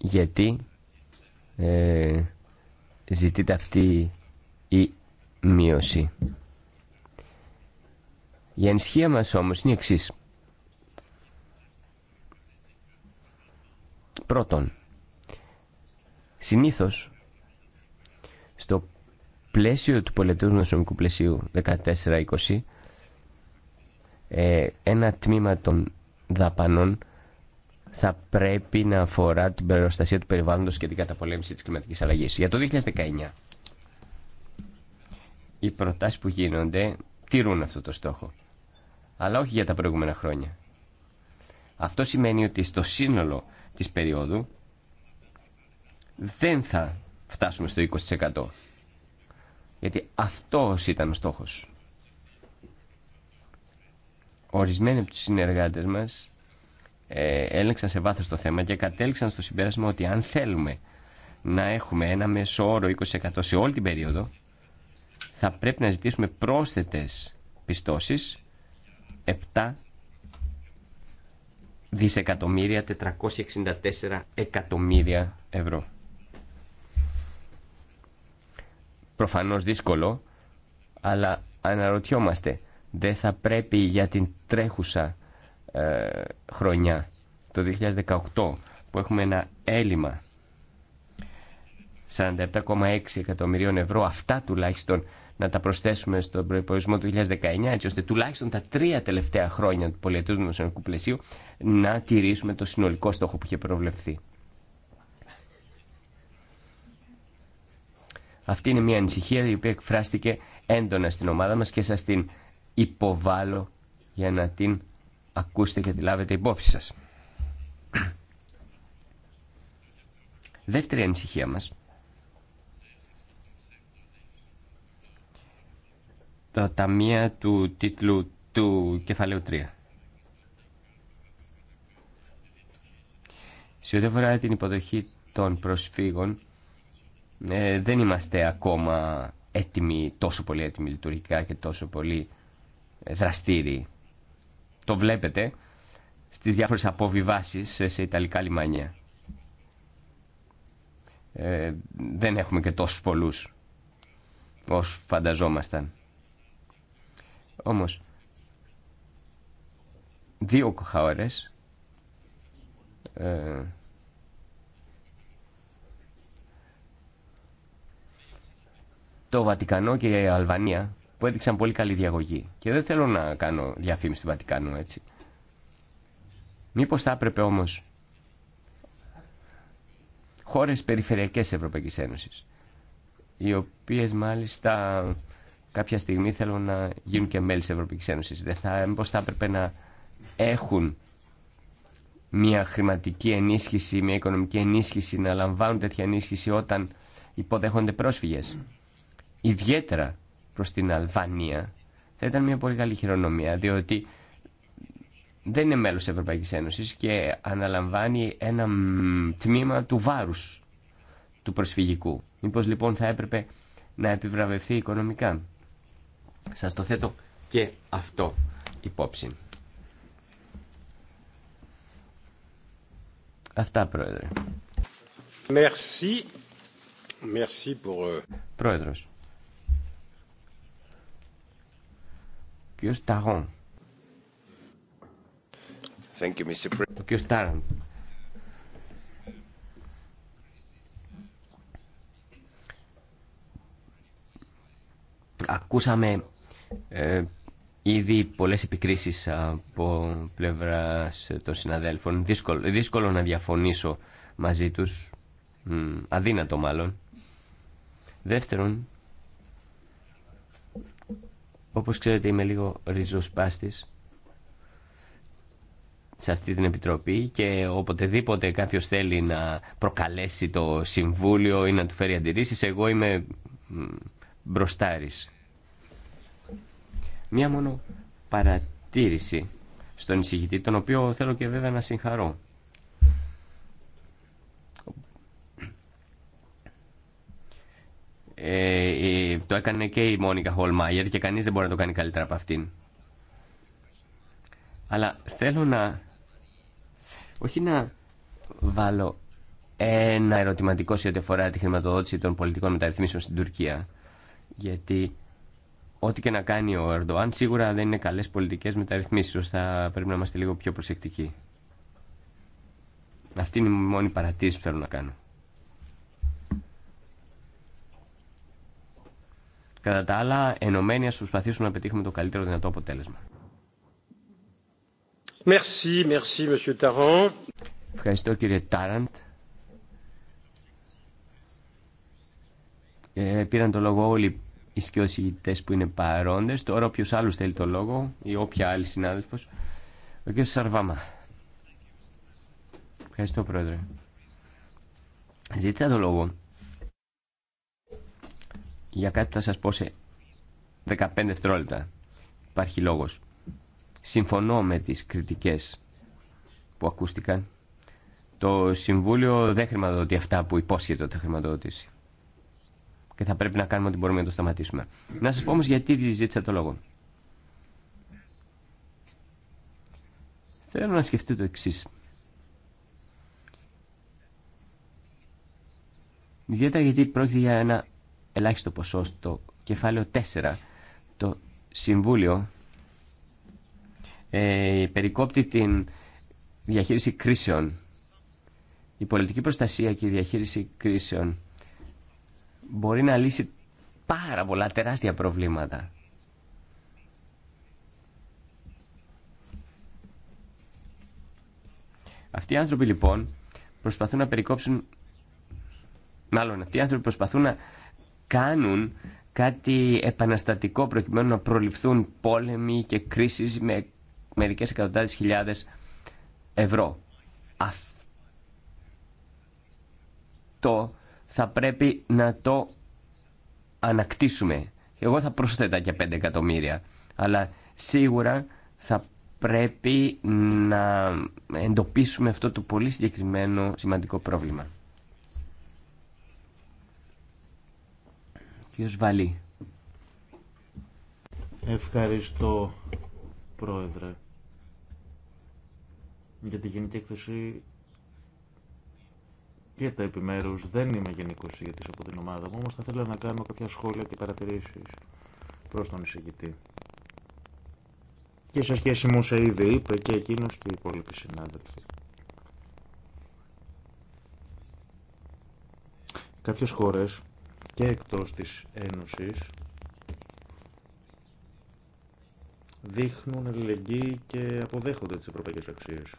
γιατί ε, ζητείται αυτή η μείωση. Η ανησυχία μας όμως είναι η εξής. Πρώτον, συνήθως στο πλαίσιο του πολιτικού νοσομικού πλαισίου 14-20 ε, ένα τμήμα των δαπανών θα πρέπει να αφορά την προστασία του περιβάλλοντος και την καταπολέμηση της κλιματικής αλλαγής. Για το 2019 οι προτάσεις που γίνονται τηρούν αυτό το στόχο, αλλά όχι για τα προηγούμενα χρόνια. Αυτό σημαίνει ότι στο σύνολο της περίοδου δεν θα φτάσουμε στο 20%. Γιατί αυτός ήταν ο στόχος. Ορισμένοι από τους συνεργάτες μας ε, έλεγξαν σε βάθος το θέμα και κατέληξαν στο συμπέρασμα ότι αν θέλουμε να έχουμε ένα μέσο όρο 20% σε όλη την περίοδο, θα πρέπει να ζητήσουμε πρόσθετες πιστώσεις 7 δισεκατομμύρια 464 εκατομμύρια ευρώ. Προφανώς δύσκολο, αλλά αναρωτιόμαστε, δεν θα πρέπει για την τρέχουσα ε, χρονιά, το 2018, που έχουμε ένα έλλειμμα 47,6 εκατομμυρίων ευρώ, αυτά τουλάχιστον να τα προσθέσουμε στον προπολογισμό του 2019, έτσι ώστε τουλάχιστον τα τρία τελευταία χρόνια του πολιετού δημοσιονομικού πλαισίου να τηρήσουμε το συνολικό στόχο που είχε προβλεφθεί. Αυτή είναι μια ανησυχία η οποία εκφράστηκε έντονα στην ομάδα μας και σας την υποβάλλω για να την ακούστε και τη λάβετε υπόψη σας. Δεύτερη ανησυχία μας. Τα ταμεία του τίτλου του κεφαλαίου 3. Σε ό,τι αφορά την υποδοχή των προσφύγων, ε, δεν είμαστε ακόμα έτοιμοι, τόσο πολύ έτοιμοι λειτουργικά και τόσο πολύ ε, δραστήριοι. Το βλέπετε στις διάφορες αποβιβάσεις σε Ιταλικά λιμάνια. Ε, δεν έχουμε και τόσους πολλούς όσους φανταζόμασταν. Όμως, δύο κοχαώρες ε, το Βατικανό και η Αλβανία που έδειξαν πολύ καλή διαγωγή. Και δεν θέλω να κάνω διαφήμιση του Βατικανού έτσι. Μήπως θα έπρεπε όμως χώρες περιφερειακές της Ευρωπαϊκής Ένωσης, οι οποίες μάλιστα κάποια στιγμή θέλουν να γίνουν και μέλη της Ευρωπαϊκής Ένωσης, δεν θα, μήπως θα έπρεπε να έχουν μια χρηματική ενίσχυση, μια οικονομική ενίσχυση, να λαμβάνουν τέτοια ενίσχυση όταν υποδέχονται πρόσφυγες. Ιδιαίτερα Προ την Αλβανία θα ήταν μια πολύ καλή χειρονομία διότι δεν είναι μέλο της Ευρωπαϊκής και αναλαμβάνει ένα τμήμα του βάρους του προσφυγικού. Μήπω λοιπόν θα έπρεπε να επιβραβευθεί οικονομικά. Σα το θέτω και αυτό υπόψη. Αυτά, Πρόεδρε. Merci. Merci pour... Euh, Πρόεδρος. Το Ταγόν. Ο κύριος Ακούσαμε ε, ήδη πολλές επικρίσεις από πλευράς των συναδέλφων. Δύσκολο, δύσκολο να διαφωνήσω μαζί τους, αδύνατο μάλλον. Δεύτερον, όπως ξέρετε είμαι λίγο ριζοσπάστης σε αυτή την επιτροπή και οποτεδήποτε κάποιος θέλει να προκαλέσει το συμβούλιο ή να του φέρει αντιρρήσεις, εγώ είμαι μπροστάρης. Μία μόνο παρατήρηση στον εισηγητή, τον οποίο θέλω και βέβαια να συγχαρώ. Ε, το έκανε και η Μόνικα Χολμάγερ και κανείς δεν μπορεί να το κάνει καλύτερα από αυτήν. Αλλά θέλω να... Όχι να βάλω ένα ερωτηματικό σε ό,τι αφορά τη χρηματοδότηση των πολιτικών μεταρρυθμίσεων στην Τουρκία. Γιατί ό,τι και να κάνει ο Ερντοάν σίγουρα δεν είναι καλές πολιτικές μεταρρυθμίσεις. θα πρέπει να είμαστε λίγο πιο προσεκτικοί. Αυτή είναι η μόνη παρατήρηση που θέλω να κάνω. Κατά τα άλλα, ενωμένοι ας προσπαθήσουμε να πετύχουμε το καλύτερο δυνατό αποτέλεσμα. Merci, merci, Ευχαριστώ κύριε Τάραντ. Ε, πήραν το λόγο όλοι οι σκιοσυγητές που είναι παρόντες. Τώρα όποιο άλλος θέλει το λόγο ή όποια άλλη συνάδελφος. Ο κ. Σαρβάμα. Ευχαριστώ πρόεδρε. Ζήτησα το λόγο για κάτι που θα σας πω σε 15 δευτερόλεπτα. Υπάρχει λόγος. Συμφωνώ με τις κριτικές που ακούστηκαν. Το Συμβούλιο δεν χρηματοδοτεί αυτά που υπόσχεται ότι θα χρηματοδοτήσει. Και θα πρέπει να κάνουμε ό,τι μπορούμε να το σταματήσουμε. Να σας πω όμως γιατί ζήτησα το λόγο. Θέλω να σκεφτείτε το εξή. Ιδιαίτερα γιατί πρόκειται για ένα ελάχιστο ποσό στο κεφάλαιο 4. Το Συμβούλιο ε, περικόπτει την διαχείριση κρίσεων. Η πολιτική προστασία και η διαχείριση κρίσεων μπορεί να λύσει πάρα πολλά τεράστια προβλήματα. Αυτοί οι άνθρωποι λοιπόν προσπαθούν να περικόψουν, μάλλον αυτοί οι άνθρωποι προσπαθούν να κάνουν κάτι επαναστατικό προκειμένου να προληφθούν πόλεμοι και κρίσεις με μερικές εκατοντάδες χιλιάδες ευρώ. Αυτό θα πρέπει να το ανακτήσουμε. Εγώ θα προσθέτα και 5 εκατομμύρια, αλλά σίγουρα θα πρέπει να εντοπίσουμε αυτό το πολύ συγκεκριμένο σημαντικό πρόβλημα. Βαλή. Ευχαριστώ, Πρόεδρε, για τη γενική έκθεση και τα επιμέρους. Δεν είμαι γενικός ηγετής από την ομάδα μου, όμως θα ήθελα να κάνω κάποια σχόλια και παρατηρήσεις προς τον εισηγητή. Και σε σχέση μου σε ήδη είπε και εκείνος και οι υπόλοιποι συνάδελφοι. Κάποιες χώρες και εκτός της Ένωσης δείχνουν ελληνική και αποδέχονται τις ευρωπαϊκές αξίες.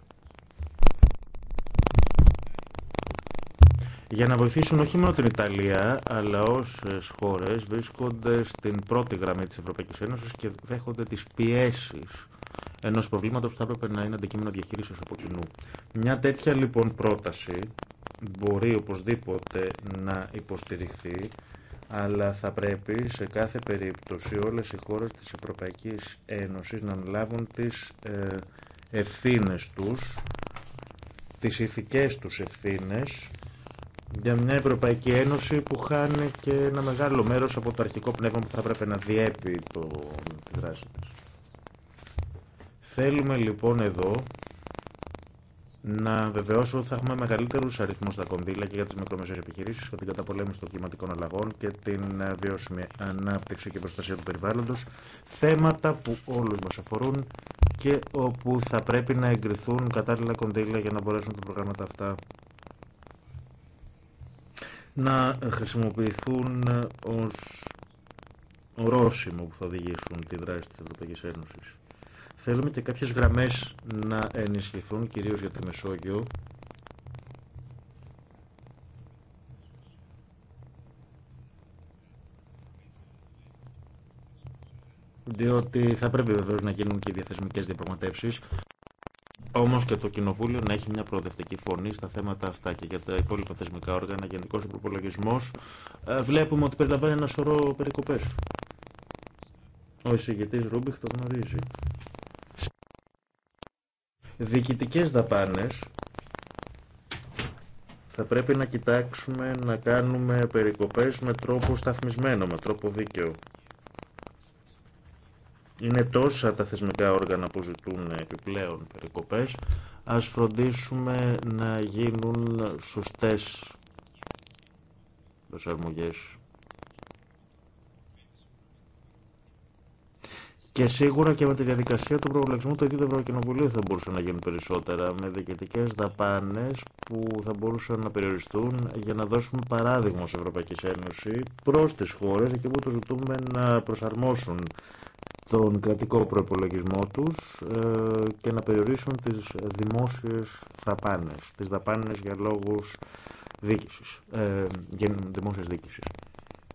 για να βοηθήσουν όχι μόνο την Ιταλία, αλλά όσε χώρε βρίσκονται στην πρώτη γραμμή τη Ευρωπαϊκή Ένωση και δέχονται τι πιέσει ενό προβλήματο που θα έπρεπε να είναι αντικείμενο διαχείριση από κοινού. Μια τέτοια λοιπόν πρόταση μπορεί οπωσδήποτε να υποστηριχθεί, αλλά θα πρέπει σε κάθε περίπτωση όλες οι χώρες της Ευρωπαϊκής Ένωσης να λάβουν τις ε, ευθύνες τους, τις ηθικές τους ευθύνες, για μια Ευρωπαϊκή Ένωση που χάνει και ένα μεγάλο μέρος από το αρχικό πνεύμα που θα έπρεπε να διέπει το, τη δράση Θέλουμε λοιπόν εδώ να βεβαιώσω ότι θα έχουμε μεγαλύτερου αριθμού στα κονδύλια και για τι μικρομεσαίε επιχειρήσει, για την καταπολέμηση των κλιματικών αλλαγών και την ε, βιώσιμη ανάπτυξη και προστασία του περιβάλλοντο. Θέματα που όλου μα αφορούν και όπου θα πρέπει να εγκριθούν κατάλληλα κονδύλια για να μπορέσουν τα προγράμματα αυτά να χρησιμοποιηθούν ως ορόσημο που θα οδηγήσουν τη δράση της Ευρωπαϊκής Ένωσης. Θέλουμε και κάποιες γραμμές να ενισχυθούν, κυρίως για τη Μεσόγειο, διότι θα πρέπει βεβαίω να γίνουν και διαθεσμικές διαπραγματεύσεις, όμως και το Κοινοβούλιο να έχει μια προοδευτική φωνή στα θέματα αυτά και για τα υπόλοιπα θεσμικά όργανα, γενικό προπολογισμό. Ε, βλέπουμε ότι περιλαμβάνει ένα σωρό περικοπές. Ο εισηγητής Ρούμπιχ το γνωρίζει. Διοικητικές δαπάνες θα πρέπει να κοιτάξουμε να κάνουμε περικοπές με τρόπο σταθμισμένο, με τρόπο δίκαιο. Είναι τόσα τα θεσμικά όργανα που ζητούν επιπλέον περικοπές. Ας φροντίσουμε να γίνουν σωστές προσαρμογές Και σίγουρα και με τη διαδικασία του προβλεξμού του ίδιο του Ευρωκοινοβουλίου θα μπορούσαν να γίνουν περισσότερα, με διοικητικέ δαπάνε που θα μπορούσαν να περιοριστούν για να δώσουμε παράδειγμα σε Ευρωπαϊκή Ένωση προ τι χώρε εκεί που του ζητούμε να προσαρμόσουν τον κρατικό προπολογισμό του ε, και να περιορίσουν τι δημόσιε δαπάνε, τι δαπάνε για λόγου ε, δημόσια δίκηση.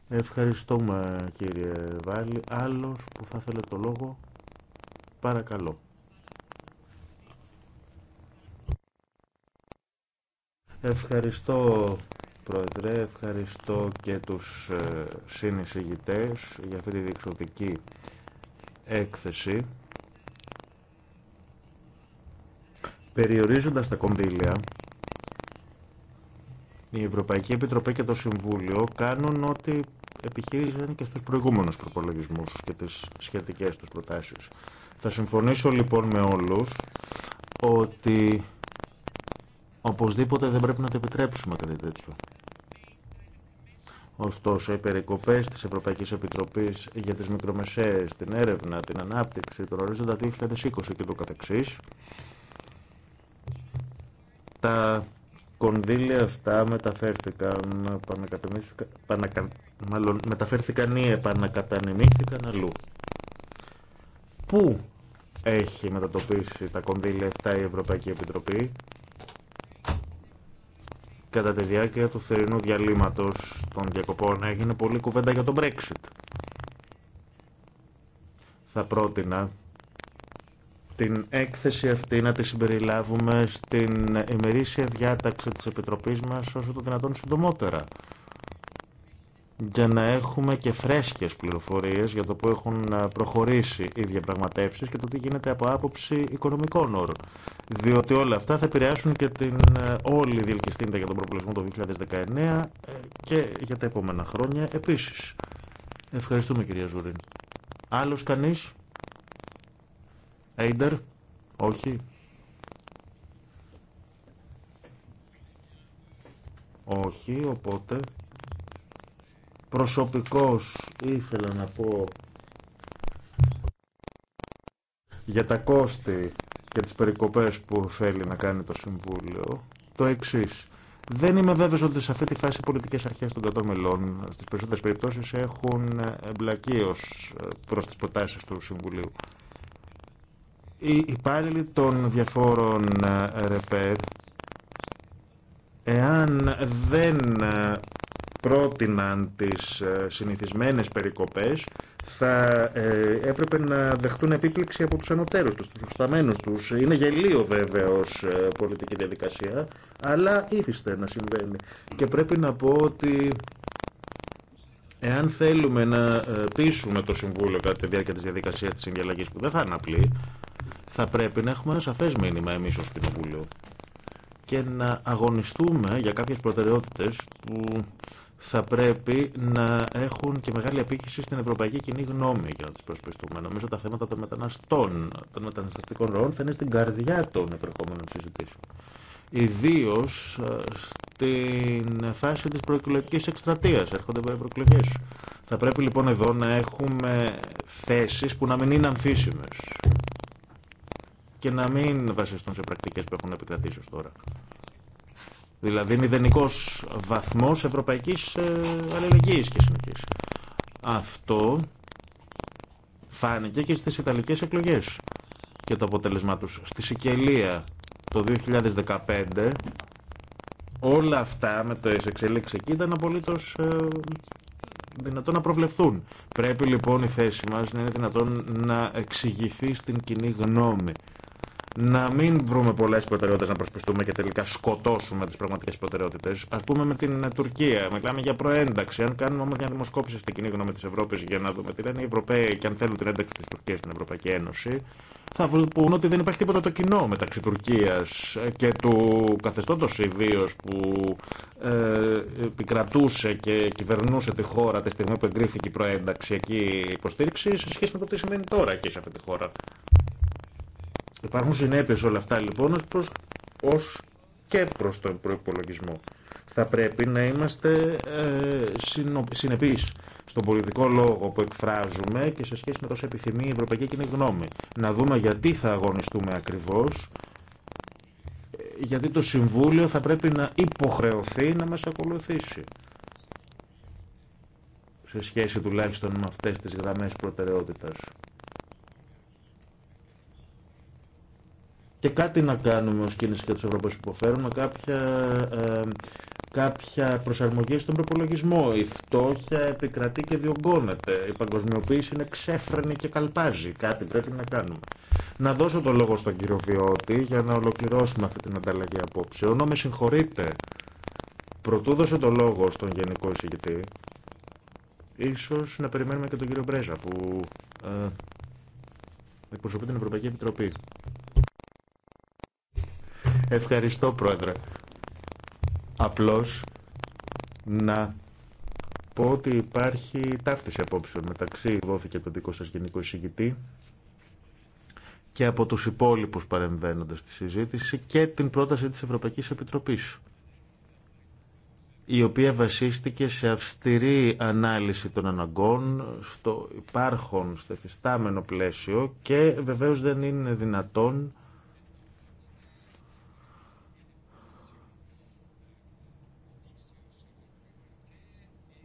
Ευχαριστούμε κύριε Βάλλη. Άλλος που θα θέλετε το λόγο, παρακαλώ. Ευχαριστώ Πρόεδρε, ευχαριστώ και τους ε, συνεισηγητές για αυτή τη διεξοδική έκθεση. Περιορίζοντας τα κονδύλια, η Ευρωπαϊκή Επιτροπή και το Συμβούλιο κάνουν ό,τι επιχείρησαν και στους προηγούμενους προπολογισμούς και τις σχετικές τους προτάσεις. Θα συμφωνήσω λοιπόν με όλους ότι οπωσδήποτε δεν πρέπει να το επιτρέψουμε κάτι τέτοιο. Ωστόσο, οι περικοπές της Ευρωπαϊκής Επιτροπής για τις μικρομεσαίες, την έρευνα, την ανάπτυξη, τον ορίζοντα 2020 και το καθεξής, τα κονδύλια αυτά μεταφέρθηκαν, μάλλον μεταφέρθηκαν ή επανακατανεμήθηκαν αλλού. Πού έχει μετατοπίσει τα κονδύλια αυτά η Ευρωπαϊκή Επιτροπή κατά τη διάρκεια του θερινού διαλύματος των διακοπών έγινε πολλή κουβέντα για το Brexit. Θα πρότεινα την έκθεση αυτή να τη συμπεριλάβουμε στην ημερήσια διάταξη της Επιτροπής μας όσο το δυνατόν συντομότερα για να έχουμε και φρέσκες πληροφορίες για το που έχουν προχωρήσει οι διαπραγματεύσεις και το τι γίνεται από άποψη οικονομικών όρων. Διότι όλα αυτά θα επηρεάσουν και την ε, όλη διελκυστίντα για τον προπολογισμό το 2019 ε, και για τα επόμενα χρόνια επίσης. Ευχαριστούμε κυρία Ζουρίνη. Άλλος κανείς? Έιντερ, όχι. Όχι, οπότε προσωπικός ήθελα να πω για τα κόστη και τις περικοπές που θέλει να κάνει το Συμβούλιο το εξή. Δεν είμαι βέβαιος ότι σε αυτή τη φάση οι πολιτικές αρχές των κρατών μελών στις περισσότερες περιπτώσεις έχουν εμπλακεί ως ε, προς τις προτάσεις του Συμβουλίου οι υπάλληλοι των διαφόρων ε, ΡΕΠΕΡ εάν δεν ε, πρότειναν τις ε, συνηθισμένες περικοπές θα έπρεπε να δεχτούν επίπληξη από τους ανωτέρους τους, τους προσταμένους τους. Είναι γελίο βέβαια πολιτική διαδικασία, αλλά ήθιστε να συμβαίνει. Και πρέπει να πω ότι εάν θέλουμε να πείσουμε το Συμβούλιο κατά τη διάρκεια της διαδικασίας της συγκελαγής, που δεν θα είναι απλή, θα πρέπει να έχουμε ένα σαφές μήνυμα εμείς ως Κοινοβούλιο και να αγωνιστούμε για κάποιες προτεραιότητες που θα πρέπει να έχουν και μεγάλη επίκυση στην ευρωπαϊκή κοινή γνώμη για να τι προσπιστούμε. Νομίζω τα θέματα των μεταναστών, των μεταναστευτικών ροών θα είναι στην καρδιά των επερχόμενων συζητήσεων. Ιδίω ε, στην φάση τη προεκλογική εκστρατεία. Έρχονται προεκλογέ. Θα πρέπει λοιπόν εδώ να έχουμε θέσεις που να μην είναι αμφίσιμες και να μην βασιστούν σε πρακτικές που έχουν επικρατήσει ω τώρα. Δηλαδή μηδενικό βαθμός ευρωπαϊκής ε, αλληλεγγύης και συνοχή. Αυτό φάνηκε και στις Ιταλικές εκλογέ και το αποτέλεσμά τους. Στη Σικελία το 2015 όλα αυτά με το εξελίξη εκεί ήταν απολύτως ε, δυνατόν να προβλεφθούν. Πρέπει λοιπόν η θέση μα να είναι δυνατόν να εξηγηθεί στην κοινή γνώμη να μην βρούμε πολλέ προτεραιότητε να προσπιστούμε και τελικά σκοτώσουμε τι πραγματικέ προτεραιότητε. Α πούμε με την ε, Τουρκία. Μιλάμε για προένταξη. Αν κάνουμε όμω μια δημοσκόπηση στην κοινή γνώμη τη Ευρώπη για να δούμε τι λένε οι Ευρωπαίοι και αν θέλουν την ένταξη τη Τουρκία στην Ευρωπαϊκή Ένωση, θα βρουν ότι δεν υπάρχει τίποτα το κοινό μεταξύ Τουρκία ε, και του καθεστώτο ιδίω που ε, επικρατούσε και κυβερνούσε τη χώρα τη στιγμή που εγκρίθηκε η προένταξη εκεί υποστήριξη σε σχέση με το τι τώρα εκεί σε αυτή τη χώρα. Υπάρχουν συνέπειε όλα αυτά λοιπόν ως, προς, ως και προς τον προπολογισμό. Θα πρέπει να είμαστε ε, συνεπείς στον πολιτικό λόγο που εκφράζουμε και σε σχέση με το επιθυμεί η Ευρωπαϊκή Κοινή Γνώμη. Να δούμε γιατί θα αγωνιστούμε ακριβώς, ε, γιατί το Συμβούλιο θα πρέπει να υποχρεωθεί να μας ακολουθήσει σε σχέση τουλάχιστον με αυτές τις γραμμές προτεραιότητας. και κάτι να κάνουμε ως κίνηση για τους Ευρωπαίους που υποφέρουν κάποια, ε, κάποια προσαρμογή στον προπολογισμό. Η φτώχεια επικρατεί και διωγγώνεται. Η παγκοσμιοποίηση είναι ξέφρενη και καλπάζει. Κάτι πρέπει να κάνουμε. Να δώσω το λόγο στον κύριο Βιώτη για να ολοκληρώσουμε αυτή την ανταλλαγή απόψεων. Με συγχωρείτε. Πρωτού δώσω το λόγο στον Γενικό Εισηγητή, ίσως να περιμένουμε και τον κύριο Μπρέζα που ε, εκπροσωπεί την Ευρωπαϊκή Επιτροπή. Ευχαριστώ, Πρόεδρε. Απλώς να πω ότι υπάρχει ταύτιση απόψεων μεταξύ δόθηκε το δικό σας γενικό εισηγητή και από τους υπόλοιπους παρεμβαίνοντας στη συζήτηση και την πρόταση της Ευρωπαϊκής Επιτροπής η οποία βασίστηκε σε αυστηρή ανάλυση των αναγκών στο υπάρχον, στο εφιστάμενο πλαίσιο και βεβαίως δεν είναι δυνατόν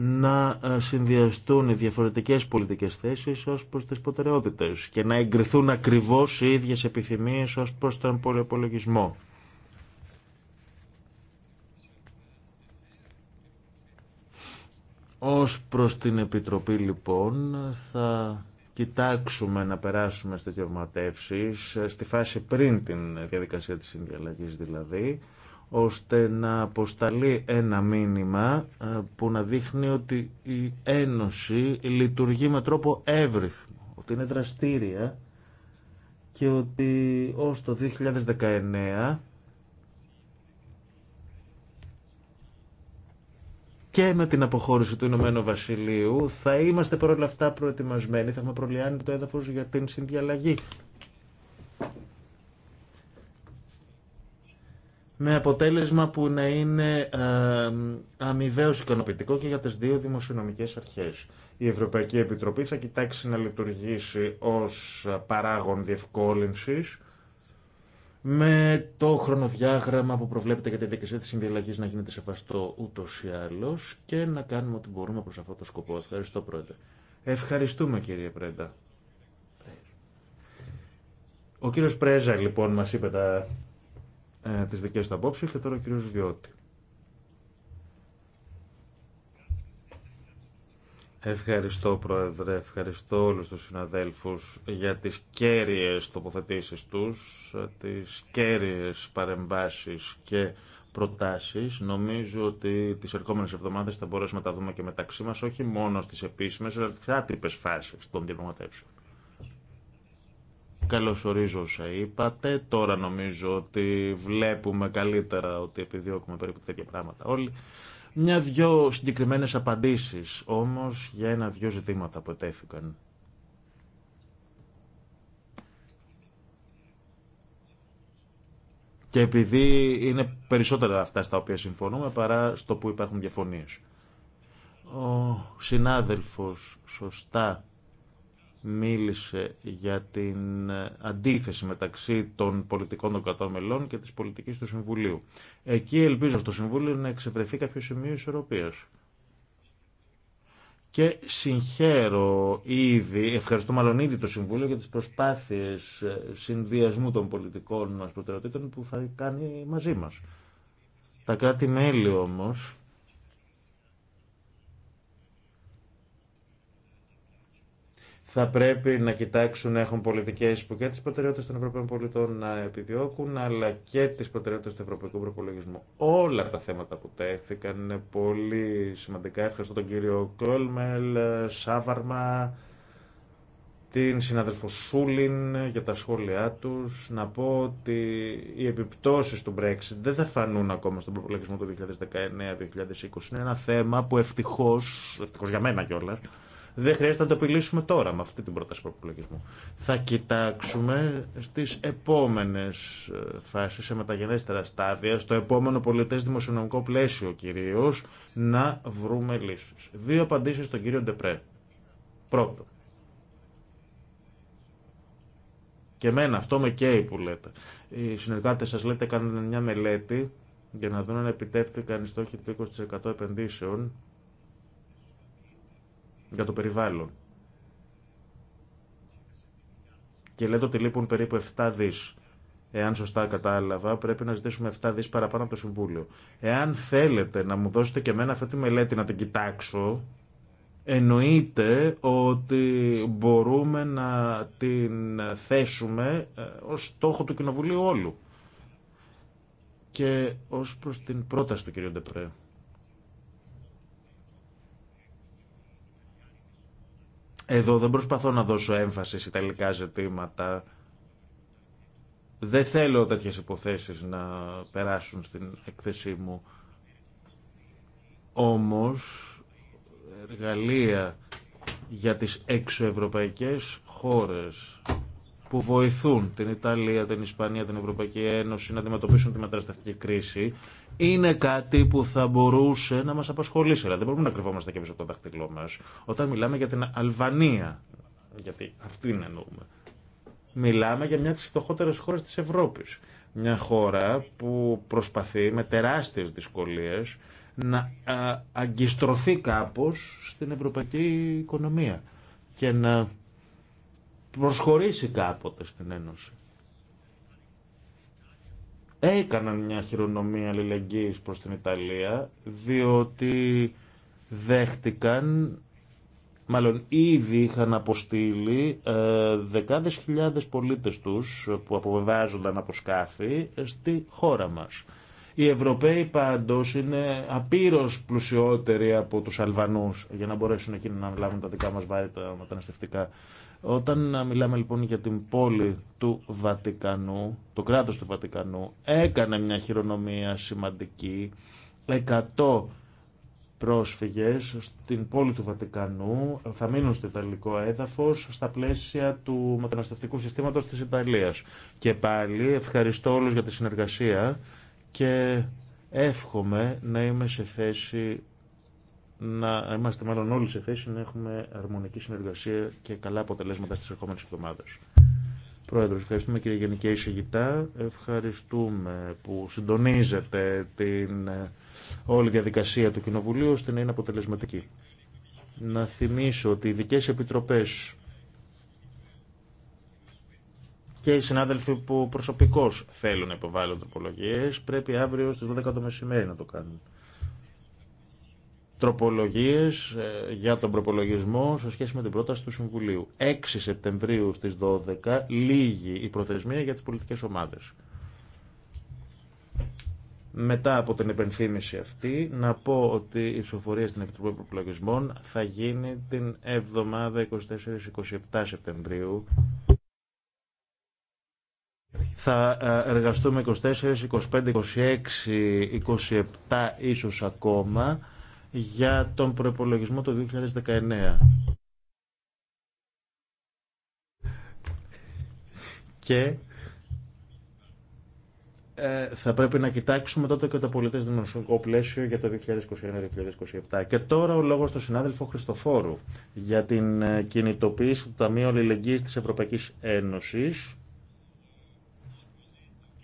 να ε, συνδυαστούν οι διαφορετικές πολιτικές θέσεις ως προς τις προτεραιότητες και να εγκριθούν ακριβώς οι ίδιες επιθυμίες ως προς τον πολυεπολογισμό. Ως προς την Επιτροπή λοιπόν θα κοιτάξουμε να περάσουμε στις διαπραγματεύσει ε, στη φάση πριν την διαδικασία της συνδιαλλαγής δηλαδή ώστε να αποσταλεί ένα μήνυμα ε, που να δείχνει ότι η Ένωση λειτουργεί με τρόπο εύρυθμο, ότι είναι δραστήρια και ότι ως το 2019 και με την αποχώρηση του Ηνωμένου Βασιλείου θα είμαστε παρόλα αυτά προετοιμασμένοι, θα έχουμε το έδαφος για την συνδιαλλαγή με αποτέλεσμα που να είναι ε, αμοιβαίως ικανοποιητικό και για τις δύο δημοσιονομικές αρχές. Η Ευρωπαϊκή Επιτροπή θα κοιτάξει να λειτουργήσει ως παράγον διευκόλυνσης με το χρονοδιάγραμμα που προβλέπεται για τη διοικησία της συνδιαλλαγής να γίνεται σεβαστό ούτως ή άλλως και να κάνουμε ό,τι μπορούμε προς αυτό το σκοπό. Ευχαριστώ Πρόεδρε. Ευχαριστούμε κύριε Πρέντα. Ο κύριος Πρέζα λοιπόν μας είπε τα ε, τις δικές του απόψεις και τώρα ο κύριος Βιώτη. Ευχαριστώ Πρόεδρε, ευχαριστώ όλους τους συναδέλφους για τις κέρυες τοποθετήσεις τους, τις κέρυες παρεμβάσεις και προτάσεις. Νομίζω ότι τις ερχόμενες εβδομάδες θα μπορέσουμε να τα δούμε και μεταξύ μας, όχι μόνο στις επίσημες, αλλά στις άτυπες φάσεις των διαπραγματεύσεων. Καλωσορίζω όσα είπατε. Τώρα νομίζω ότι βλέπουμε καλύτερα ότι επιδιώκουμε περίπου τέτοια πράγματα όλοι. Μια-δυο συγκεκριμένες απαντήσεις όμως για ένα-δυο ζητήματα που ετέθηκαν. Και επειδή είναι περισσότερα αυτά στα οποία συμφωνούμε παρά στο που υπάρχουν διαφωνίες. Ο συνάδελφος σωστά μίλησε για την αντίθεση μεταξύ των πολιτικών των κρατών και της πολιτικής του Συμβουλίου. Εκεί ελπίζω στο Συμβούλιο να εξευρεθεί κάποιο σημείο ισορροπίας. Και συγχαίρω ήδη, ευχαριστώ μάλλον ήδη το Συμβούλιο για τις προσπάθειες συνδυασμού των πολιτικών μας προτεραιοτήτων που θα κάνει μαζί μας. Τα κράτη-μέλη όμως θα πρέπει να κοιτάξουν να έχουν πολιτικέ που και τι προτεραιότητε των Ευρωπαίων πολιτών να επιδιώκουν, αλλά και τι προτεραιότητε του Ευρωπαϊκού Προπολογισμού. Όλα τα θέματα που τέθηκαν είναι πολύ σημαντικά. Ευχαριστώ τον κύριο Κόλμελ, Σάβαρμα, την συνάδελφο Σούλιν για τα σχόλιά του. Να πω ότι οι επιπτώσει του Brexit δεν θα φανούν ακόμα στον προπολογισμό του 2019-2020. Είναι ένα θέμα που ευτυχώ, ευτυχώ για μένα κιόλα, δεν χρειάζεται να το επιλύσουμε τώρα με αυτή την πρόταση προπολογισμού. Θα κοιτάξουμε στι επόμενε ε, φάσει, σε μεταγενέστερα στάδια, στο επόμενο πολιτέ δημοσιονομικό πλαίσιο κυρίω, να βρούμε λύσει. Δύο απαντήσει στον κύριο Ντεπρέ. Πρώτο. Και εμένα αυτό με καίει που λέτε. Οι συνεργάτε σα λέτε κάνουν μια μελέτη για να δουν αν επιτεύχθηκαν οι στόχοι του 20% επενδύσεων για το περιβάλλον. Και λέτε ότι λείπουν περίπου 7 δις. Εάν σωστά κατάλαβα, πρέπει να ζητήσουμε 7 δις παραπάνω από το Συμβούλιο. Εάν θέλετε να μου δώσετε και εμένα αυτή τη μελέτη να την κοιτάξω, εννοείται ότι μπορούμε να την θέσουμε ε, ως στόχο του Κοινοβουλίου όλου. Και ως προς την πρόταση του κ. Ντεπρέου. Εδώ δεν προσπαθώ να δώσω έμφαση σε τελικά ζητήματα. Δεν θέλω τέτοιες υποθέσεις να περάσουν στην εκθεσή μου. Όμως, εργαλεία για τις εξωευρωπαϊκές χώρες που βοηθούν την Ιταλία, την Ισπανία, την Ευρωπαϊκή Ένωση να αντιμετωπίσουν τη μεταναστευτική κρίση είναι κάτι που θα μπορούσε να μα απασχολήσει. δεν μπορούμε να κρυβόμαστε και πίσω από το δάχτυλό μα. Όταν μιλάμε για την Αλβανία, γιατί αυτήν εννοούμε, μιλάμε για μια από τις φτωχότερες χώρες της Ευρώπης. Μια χώρα που προσπαθεί με τεράστιε δυσκολίε να αγκιστρωθεί κάπως στην ευρωπαϊκή οικονομία και να προσχωρήσει κάποτε στην Ένωση. Έκαναν μια χειρονομία αλληλεγγύης προς την Ιταλία, διότι δέχτηκαν, μάλλον ήδη είχαν αποστείλει ε, δεκάδες χιλιάδες πολίτες τους που αποβεβάζονταν από σκάφη ε, στη χώρα μας. Οι Ευρωπαίοι πάντως είναι απείρως πλουσιότεροι από τους Αλβανούς για να μπορέσουν εκείνοι να λάβουν τα δικά μας βάρη τα μεταναστευτικά. Όταν μιλάμε λοιπόν για την πόλη του Βατικανού, το κράτος του Βατικανού, έκανε μια χειρονομία σημαντική, 100 πρόσφυγες στην πόλη του Βατικανού θα μείνουν στο Ιταλικό έδαφος στα πλαίσια του μεταναστευτικού συστήματος της Ιταλίας. Και πάλι ευχαριστώ όλους για τη συνεργασία και εύχομαι να είμαι σε θέση να είμαστε μάλλον όλοι σε θέση να έχουμε αρμονική συνεργασία και καλά αποτελέσματα στις ερχόμενες εβδομάδες. Πρόεδρο, ευχαριστούμε κύριε Γενική Εισηγητά. Ευχαριστούμε που συντονίζετε την ε, όλη διαδικασία του Κοινοβουλίου ώστε να είναι αποτελεσματική. Να θυμίσω ότι οι ειδικέ επιτροπές και οι συνάδελφοι που προσωπικώς θέλουν να υποβάλουν τροπολογίες πρέπει αύριο στις 12 το μεσημέρι να το κάνουν τροπολογίες ε, για τον προπολογισμό σε σχέση με την πρόταση του Συμβουλίου. 6 Σεπτεμβρίου στις 12 λίγη η προθεσμία για τις πολιτικές ομάδες. Μετά από την επενθύμηση αυτή, να πω ότι η ψηφοφορία στην Επιτροπή Προπολογισμών θα γίνει την εβδομάδα 24-27 Σεπτεμβρίου. Θα ε, εργαστούμε 24, 25, 26, 27 ίσως ακόμα για τον προϋπολογισμό του 2019. Και ε, θα πρέπει να κοιτάξουμε τότε και το πολιτές πλαίσιο για το 2021-2027. Και τώρα ο λόγος του συνάδελφου Χριστοφόρου για την ε, κινητοποίηση του Ταμείου Αλληλεγγύης της Ευρωπαϊκής Ένωσης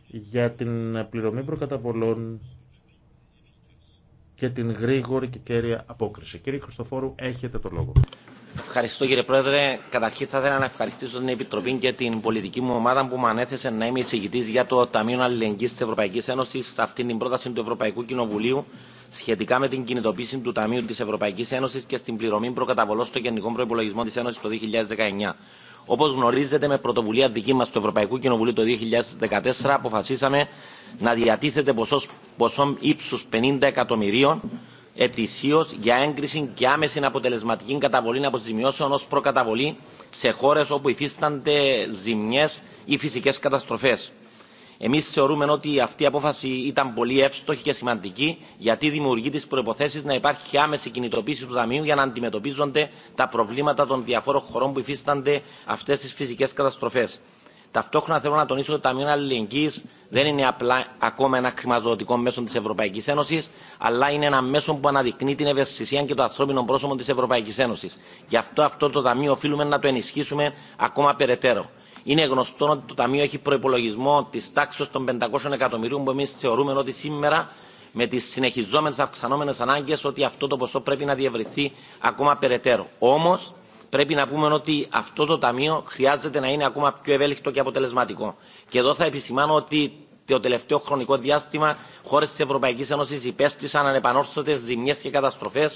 για την πληρωμή προκαταβολών και την γρήγορη και κέρια απόκριση. Κύριε Χριστοφόρου, έχετε το λόγο. Ευχαριστώ κύριε Πρόεδρε. Καταρχήν θα ήθελα να ευχαριστήσω την Επιτροπή και την πολιτική μου ομάδα που με ανέθεσε να είμαι εισηγητή για το Ταμείο Αλληλεγγύη τη Ευρωπαϊκή Ένωση σε αυτήν την πρόταση του Ευρωπαϊκού Κοινοβουλίου σχετικά με την κινητοποίηση του Ταμείου τη Ευρωπαϊκή Ένωση και στην πληρωμή προκαταβολό στο Γενικό Προπολογισμό τη Ένωση το 2019. Όπω γνωρίζετε, με πρωτοβουλία δική μα του Ευρωπαϊκού Κοινοβουλίου το 2014, αποφασίσαμε να διατίθεται ποσό ύψου 50 εκατομμυρίων ετησίω για έγκριση και άμεση αποτελεσματική καταβολή αποζημιώσεων ω προκαταβολή σε χώρε όπου υφίστανται ζημιέ ή φυσικέ καταστροφέ. Εμεί θεωρούμε ότι αυτή η απόφαση ήταν πολύ εύστοχη και σημαντική, γιατί δημιουργεί τι προποθέσει να υπάρχει άμεση κινητοποίηση του Ταμείου για να αντιμετωπίζονται τα προβλήματα των διαφόρων χωρών που υφίστανται αυτέ τι φυσικέ καταστροφέ. Ταυτόχρονα θέλω να τονίσω ότι το Ταμείο Αλληλεγγύη δεν είναι απλά ακόμα ένα χρηματοδοτικό μέσο τη Ευρωπαϊκή Ένωση, αλλά είναι ένα μέσο που αναδεικνύει την ευαισθησία και το ανθρώπινο πρόσωπο τη Ευρωπαϊκή Ένωση. Γι' αυτό αυτό το Ταμείο οφείλουμε να το ενισχύσουμε ακόμα περαιτέρω. Είναι γνωστό ότι το Ταμείο έχει προπολογισμό τη τάξη των 500 εκατομμυρίων που εμεί θεωρούμε ότι σήμερα με τι συνεχιζόμενε αυξανόμενε ανάγκε ότι αυτό το ποσό πρέπει να διευρυθεί ακόμα περαιτέρω. Όμω, πρέπει να πούμε ότι αυτό το ταμείο χρειάζεται να είναι ακόμα πιο ευέλικτο και αποτελεσματικό. Και εδώ θα επισημάνω ότι το τελευταίο χρονικό διάστημα χώρε τη Ευρωπαϊκή Ένωση υπέστησαν ανεπανόρθωτε ζημιέ και καταστροφέ.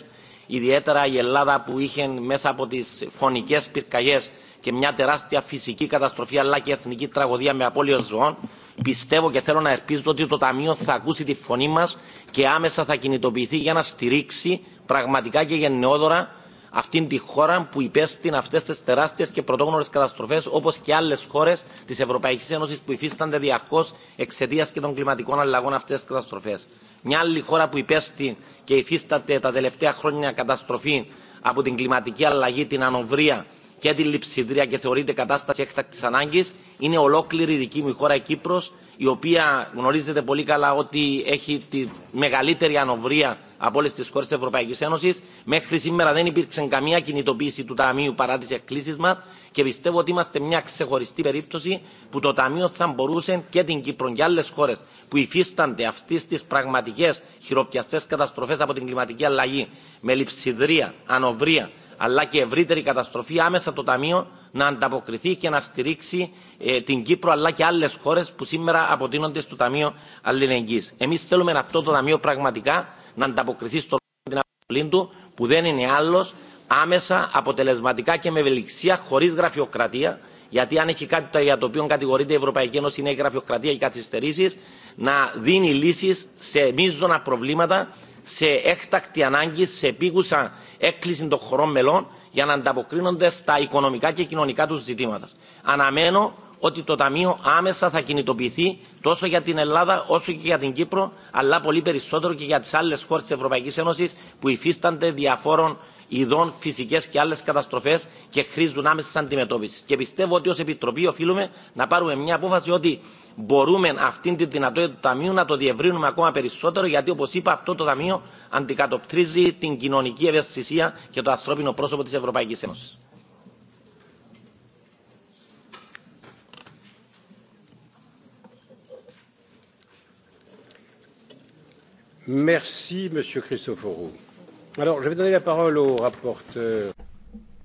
Ιδιαίτερα η Ελλάδα που είχε μέσα από τι φωνικέ πυρκαγιέ και μια τεράστια φυσική καταστροφή αλλά και εθνική τραγωδία με απώλειο ζωών. Πιστεύω και θέλω να ελπίζω ότι το Ταμείο θα ακούσει τη φωνή μα και άμεσα θα κινητοποιηθεί για να στηρίξει πραγματικά και γενναιόδωρα αυτήν τη χώρα που υπέστην αυτέ τι τεράστιε και πρωτόγνωρε καταστροφέ, όπω και άλλε χώρε τη Ευρωπαϊκή Ένωση που υφίστανται διαρκώ εξαιτία και των κλιματικών αλλαγών αυτέ τι καταστροφέ. Μια άλλη χώρα που υπέστη και υφίσταται τα τελευταία χρόνια καταστροφή από την κλιματική αλλαγή, την ανοβρία και την λειψιδρία και θεωρείται κατάσταση έκτακτη ανάγκη είναι ολόκληρη η δική μου χώρα η Κύπρος η οποία γνωρίζετε πολύ καλά ότι έχει τη μεγαλύτερη ανοβρία από όλε τι χώρε τη Ευρωπαϊκή Ένωση. Μέχρι σήμερα δεν υπήρξε καμία κινητοποίηση του Ταμείου παρά τι εκκλήσει μα και πιστεύω ότι είμαστε μια ξεχωριστή περίπτωση που το Ταμείο θα μπορούσε και την Κύπρο και άλλε χώρε που υφίστανται αυτέ τι πραγματικέ χειροπιαστέ καταστροφέ από την κλιματική αλλαγή με λειψιδρία, ανοβρία, αλλά και ευρύτερη καταστροφή άμεσα το Ταμείο να ανταποκριθεί και να στηρίξει ε, την Κύπρο αλλά και άλλε χώρε που σήμερα αποτείνονται στο Ταμείο Αλληλεγγύη. Εμεί θέλουμε αυτό το Ταμείο πραγματικά να ανταποκριθεί στον την αποστολή του που δεν είναι άλλο, άμεσα, αποτελεσματικά και με ευελιξία, χωρί γραφειοκρατία, γιατί αν έχει κάτι για το οποίο κατηγορείται η Ευρωπαϊκή Ένωση είναι η γραφειοκρατία και οι καθυστερήσει, να δίνει λύσει σε μείζωνα προβλήματα σε έκτακτη ανάγκη, σε επίγουσα έκκληση των χωρών μελών για να ανταποκρίνονται στα οικονομικά και κοινωνικά του ζητήματα. Αναμένω ότι το Ταμείο άμεσα θα κινητοποιηθεί τόσο για την Ελλάδα όσο και για την Κύπρο, αλλά πολύ περισσότερο και για τι άλλε χώρε τη Ευρωπαϊκή Ένωση που υφίστανται διαφόρων ειδών, φυσικέ και άλλε καταστροφέ και χρήζουν άμεση αντιμετώπιση. Και πιστεύω ότι ω Επιτροπή οφείλουμε να πάρουμε μια απόφαση ότι μπορούμε αυτή τη δυνατότητα του Ταμείου να το διευρύνουμε ακόμα περισσότερο, γιατί όπω είπα, αυτό το Ταμείο αντικατοπτρίζει την κοινωνική ευαισθησία και το ανθρώπινο πρόσωπο τη Ευρωπαϊκή Ένωση.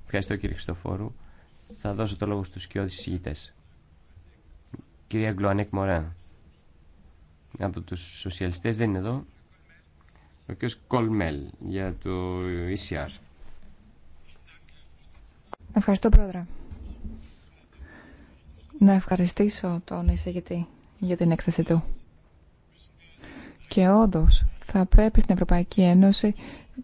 Ευχαριστώ κύριε Χριστοφόρου. Θα δώσω το λόγο στους σκιώδεις συζητητές. Κυρία Γκλουανέκ Μωρά, από τους σοσιαλιστές δεν είναι εδώ. Ο κύριος Κολμέλ για το ECR. Ευχαριστώ πρόεδρε. Να ευχαριστήσω τον εισηγητή για την έκθεση του. Και όντως θα πρέπει στην Ευρωπαϊκή Ένωση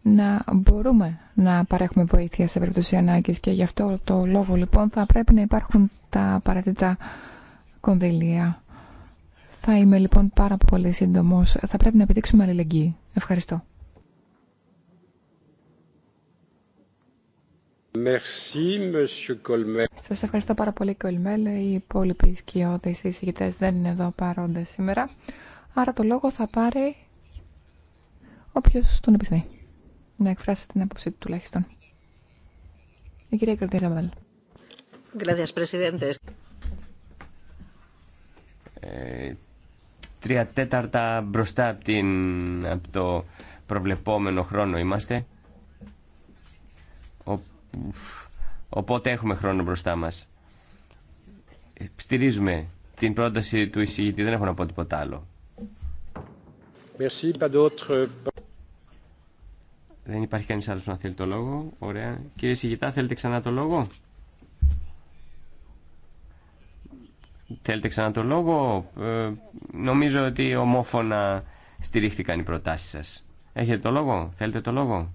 να μπορούμε να παρέχουμε βοήθεια σε περίπτωση ανάγκης και γι' αυτό το λόγο λοιπόν θα πρέπει να υπάρχουν τα απαραίτητα κονδυλία. Θα είμαι λοιπόν πάρα πολύ σύντομο. Θα πρέπει να επιδείξουμε αλληλεγγύη. Ευχαριστώ. Merci, Σας ευχαριστώ πάρα πολύ, Κολμέλ. Οι υπόλοιποι σκιώδες εισηγητές δεν είναι εδώ παρόντες σήμερα. Άρα το λόγο θα πάρει όποιος τον επιθυμεί να εκφράσει την άποψή του τουλάχιστον. Η κυρία Κρατία Ζαμπέλ. Ε, τρία τέταρτα μπροστά από, το προβλεπόμενο χρόνο είμαστε. Ο, οπότε έχουμε χρόνο μπροστά μας. Ε, στηρίζουμε την πρόταση του εισηγητή, δεν έχω να πω τίποτα άλλο. Merci, pas δεν υπάρχει κανείς άλλος που να θέλει το λόγο. Ωραία. Κύριε Σιγητά, θέλετε ξανά το λόγο. Θέλετε ξανά το λόγο. Ε, νομίζω ότι ομόφωνα στηρίχθηκαν οι προτάσεις σας. Έχετε το λόγο. Θέλετε το λόγο.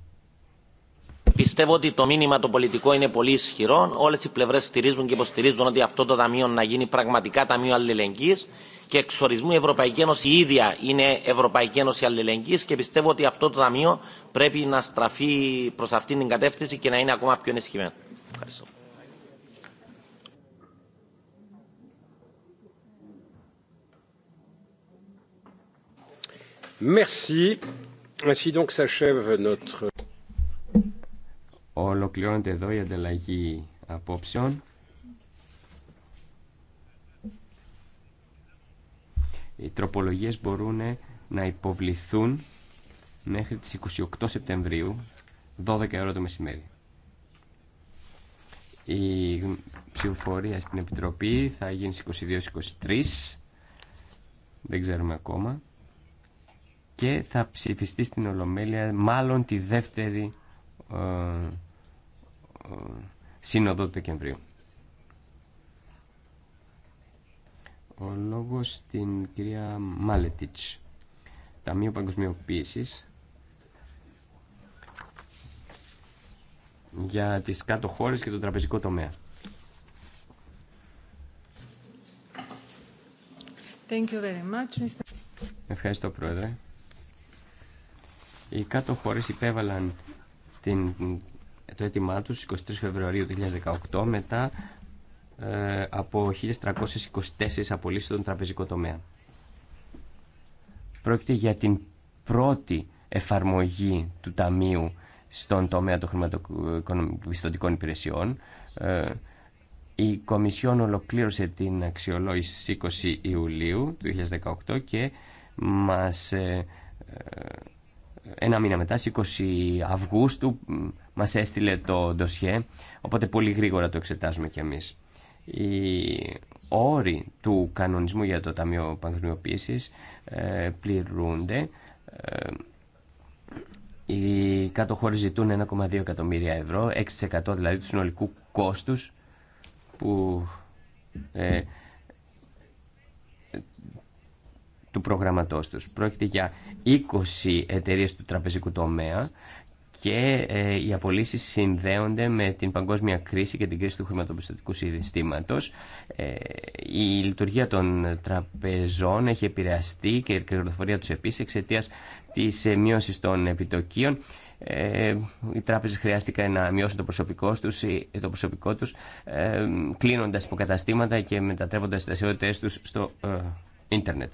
Πιστεύω ότι το μήνυμα το πολιτικό είναι πολύ ισχυρό. Όλες οι πλευρές στηρίζουν και υποστηρίζουν ότι αυτό το ταμείο να γίνει πραγματικά ταμείο αλληλεγγύης και εξορισμού η Ευρωπαϊκή Ένωση η ίδια είναι Ευρωπαϊκή Ένωση Αλληλεγγύης και πιστεύω ότι αυτό το ταμείο πρέπει να στραφεί προς αυτήν την κατεύθυνση και να είναι ακόμα πιο ενισχυμένο. Ευχαριστώ. Merci. Ainsi donc s'achève notre... εδώ η ανταλλαγή απόψεων. Οι τροπολογίες μπορούν να υποβληθούν μέχρι τις 28 Σεπτεμβρίου, 12 ώρα το μεσημέρι. Η ψηφοφορία στην Επιτροπή θα γίνει στις 22-23, δεν ξέρουμε ακόμα, και θα ψηφιστεί στην Ολομέλεια μάλλον τη δεύτερη ε, ε σύνοδο του Δεκεμβρίου. ο λόγος στην κυρία Μάλετιτς, Ταμείο Παγκοσμιοποίησης, για τις κάτω χώρες και τον τραπεζικό τομέα. Thank you very much, Ευχαριστώ, Πρόεδρε. Οι κάτω χώρες υπέβαλαν την, το αίτημά τους 23 Φεβρουαρίου 2018 μετά ε, από 1.324 απολύσεις στον τραπεζικό τομέα. Πρόκειται για την πρώτη εφαρμογή του Ταμείου στον τομέα των χρηματοπιστωτικών υπηρεσιών. Ε, η Κομισιόν ολοκλήρωσε την αξιολόγηση στις 20 Ιουλίου του 2018 και μας ε, ένα μήνα μετά, στις 20 Αυγούστου, μας έστειλε το ντοσιέ, οπότε πολύ γρήγορα το εξετάζουμε κι εμείς οι όροι του κανονισμού για το Ταμείο Παγκοσμιοποίησης ε, πληρούνται. Ε, οι κάτω ζητούν 1,2 εκατομμύρια ευρώ, 6% δηλαδή του συνολικού κόστους που, ε, του προγραμματός τους. Πρόκειται για 20 εταιρείες του τραπεζικού τομέα και ε, οι απολύσεις συνδέονται με την παγκόσμια κρίση και την κρίση του χρηματοπιστωτικού συστήματος. Ε, η λειτουργία των τραπεζών έχει επηρεαστεί και η κερδοφορία τους επίσης εξαιτία της ε, μείωση των επιτοκίων. οι τράπεζες χρειάστηκαν να μειώσουν το προσωπικό τους, το προσωπικό τους κλείνοντας υποκαταστήματα και μετατρέποντας τις δραστηριότητε τους στο ίντερνετ.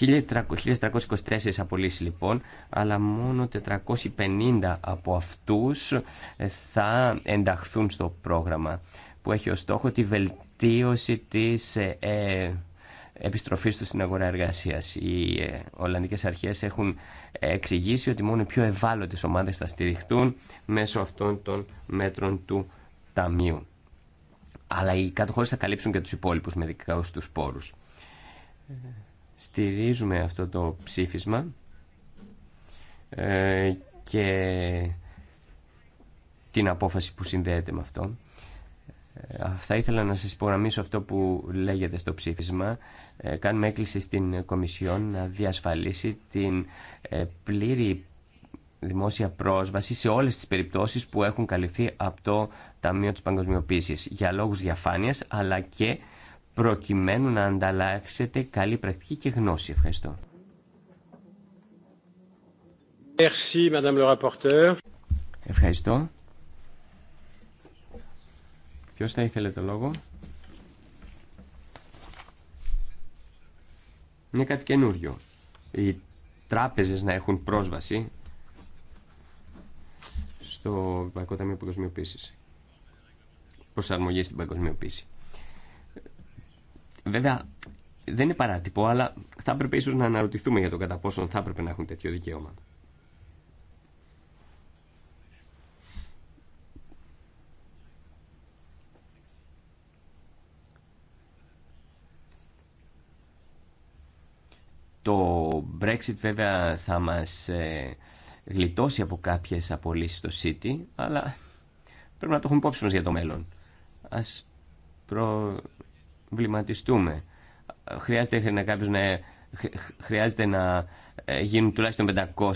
1.324 απολύσει λοιπόν, αλλά μόνο 450 από αυτούς ε, θα ενταχθούν στο πρόγραμμα που έχει ως στόχο τη βελτίωση της ε, ε επιστροφής του στην αγορά εργασίας. Οι ε, Ολλανδικές αρχές έχουν εξηγήσει ότι μόνο οι πιο ευάλωτες ομάδες θα στηριχτούν μέσω αυτών των μέτρων του Ταμείου. Αλλά οι κάτω χώρες θα καλύψουν και τους υπόλοιπους με δικά τους πόρους. Ε, στηρίζουμε αυτό το ψήφισμα ε, και την απόφαση που συνδέεται με αυτό. Ε, θα ήθελα να σας υπογραμμίσω αυτό που λέγεται στο ψήφισμα. Ε, κάνουμε έκκληση στην Κομισιόν να διασφαλίσει την πλήρη δημόσια πρόσβαση σε όλες τις περιπτώσεις που έχουν καλυφθεί από το Ταμείο της Παγκοσμιοποίησης για λόγους διαφάνειας αλλά και προκειμένου να ανταλλάξετε καλή πρακτική και γνώση. Ευχαριστώ. Ευχαριστώ. Ποιος θα ήθελε το λόγο. Είναι κάτι καινούριο. Οι τράπεζες να έχουν πρόσβαση στο Ευρωπαϊκό Παγκοσμιοποίησης. Προσαρμογή στην παγκοσμιοποίηση. Βέβαια, δεν είναι παράτυπο, αλλά θα έπρεπε ίσως να αναρωτηθούμε για το κατά πόσον θα έπρεπε να έχουν τέτοιο δικαίωμα. Το Brexit βέβαια θα μας ε, γλιτώσει από κάποιες απολύσεις στο City, αλλά πρέπει να το έχουμε υπόψη μας για το μέλλον. Ας προ βληματιστούμε. Χρειάζεται να, να, χρειάζεται να ε, γίνουν τουλάχιστον 500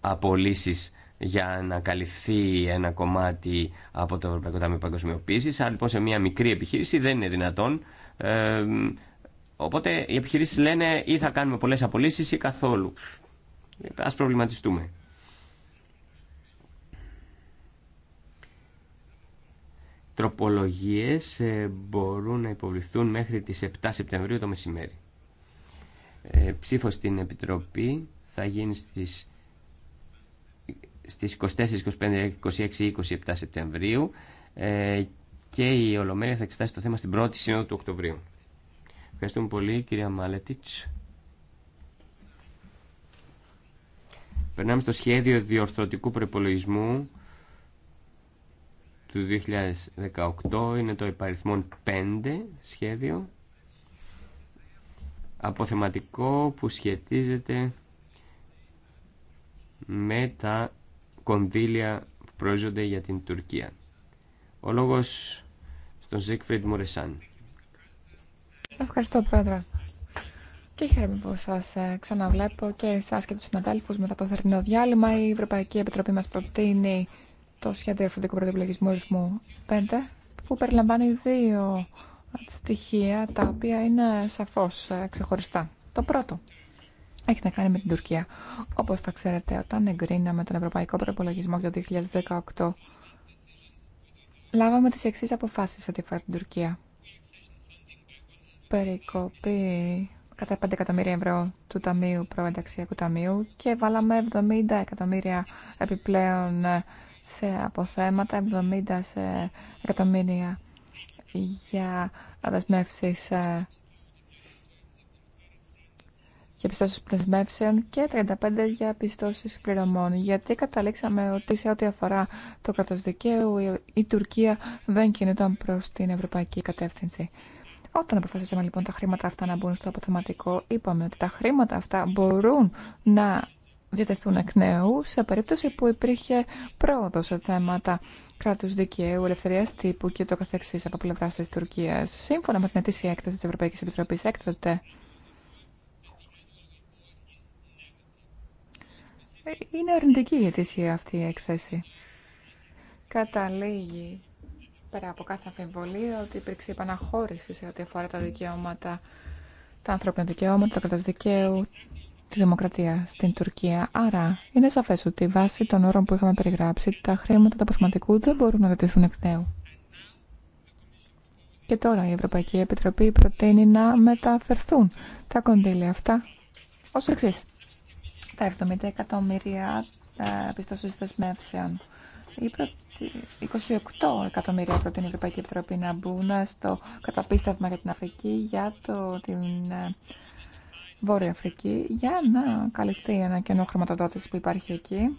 απολύσεις για να καλυφθεί ένα κομμάτι από το Ευρωπαϊκό Ταμείο Παγκοσμιοποίηση. Άρα λοιπόν σε μια μικρή επιχείρηση δεν είναι δυνατόν. οπότε οι επιχειρήσει λένε ή θα κάνουμε πολλέ απολύσει ή καθόλου. Ε, Α προβληματιστούμε. Τροπολογίες ε, μπορούν να υποβληθούν μέχρι τις 7 Σεπτεμβρίου το μεσημέρι. Ε, ψήφος στην Επιτροπή θα γίνει στις στις 24, 25, 26, 27 Σεπτεμβρίου ε, και η Ολομέλεια θα εξετάσει το θέμα στην 1η Σύνοδο του Οκτωβρίου. Ευχαριστούμε πολύ κυρία Μάλετιτς. Περνάμε στο σχέδιο διορθωτικού προπολογισμού του 2018 είναι το υπαριθμό 5 σχέδιο αποθεματικό που σχετίζεται με τα κονδύλια που προέζονται για την Τουρκία. Ο λόγος στον Ζίκφριντ Μουρεσάν. Ευχαριστώ πρόεδρε. Και χαίρομαι που σα ε, ξαναβλέπω και εσά και του συναδέλφου μετά το θερινό διάλειμμα. Η Ευρωπαϊκή Επιτροπή μα προτείνει το σχέδιο ερθωτικού πρωτοπλογισμού ρυθμού 5 που περιλαμβάνει δύο στοιχεία τα οποία είναι σαφώς ε, ξεχωριστά. Το πρώτο έχει να κάνει με την Τουρκία. Όπως τα ξέρετε, όταν εγκρίναμε τον Ευρωπαϊκό Προπολογισμό για το 2018, λάβαμε τις εξής αποφάσεις ό,τι αφορά την Τουρκία. Περικοπή κατά 5 εκατομμύρια ευρώ του Ταμείου Προενταξιακού Ταμείου και βάλαμε 70 εκατομμύρια επιπλέον ε, σε αποθέματα, 70 σε εκατομμύρια για δεσμεύσει ε, για πιστώσεις και 35 για πιστώσεις πληρωμών. Γιατί καταλήξαμε ότι σε ό,τι αφορά το κράτος δικαίου η Τουρκία δεν κινητών προς την ευρωπαϊκή κατεύθυνση. Όταν αποφασίσαμε λοιπόν τα χρήματα αυτά να μπουν στο αποθεματικό, είπαμε ότι τα χρήματα αυτά μπορούν να διατεθούν εκ νέου σε περίπτωση που υπήρχε πρόοδο σε θέματα κράτους δικαίου, ελευθερίας τύπου και το καθεξής από πλευρά της Τουρκίας. Σύμφωνα με την ετήσια έκταση της Ευρωπαϊκής Επιτροπής έκτοτε, είναι αρνητική η αιτήσια αυτή η έκθεση. Καταλήγει πέρα από κάθε αμφιβολία ότι υπήρξε επαναχώρηση σε ό,τι αφορά τα δικαιώματα, τα ανθρώπινα δικαιώματα, τα κράτα δικαίου, τη δημοκρατία στην Τουρκία. Άρα είναι σαφές ότι βάσει των όρων που είχαμε περιγράψει τα χρήματα του αποθεματικού δεν μπορούν να δοτηθούν εκ νέου. Και τώρα η Ευρωπαϊκή Επιτροπή προτείνει να μεταφερθούν τα κονδύλια αυτά ως εξή. Τα 70 εκατομμύρια ε, πιστώσεις δεσμεύσεων. 28 εκατομμύρια προτείνει η Ευρωπαϊκή Επιτροπή να μπουν στο καταπίστευμα για την Αφρική για το, την ε, Βόρεια Αφρική για να καλυφθεί ένα κενό χρηματοδότηση που υπάρχει εκεί.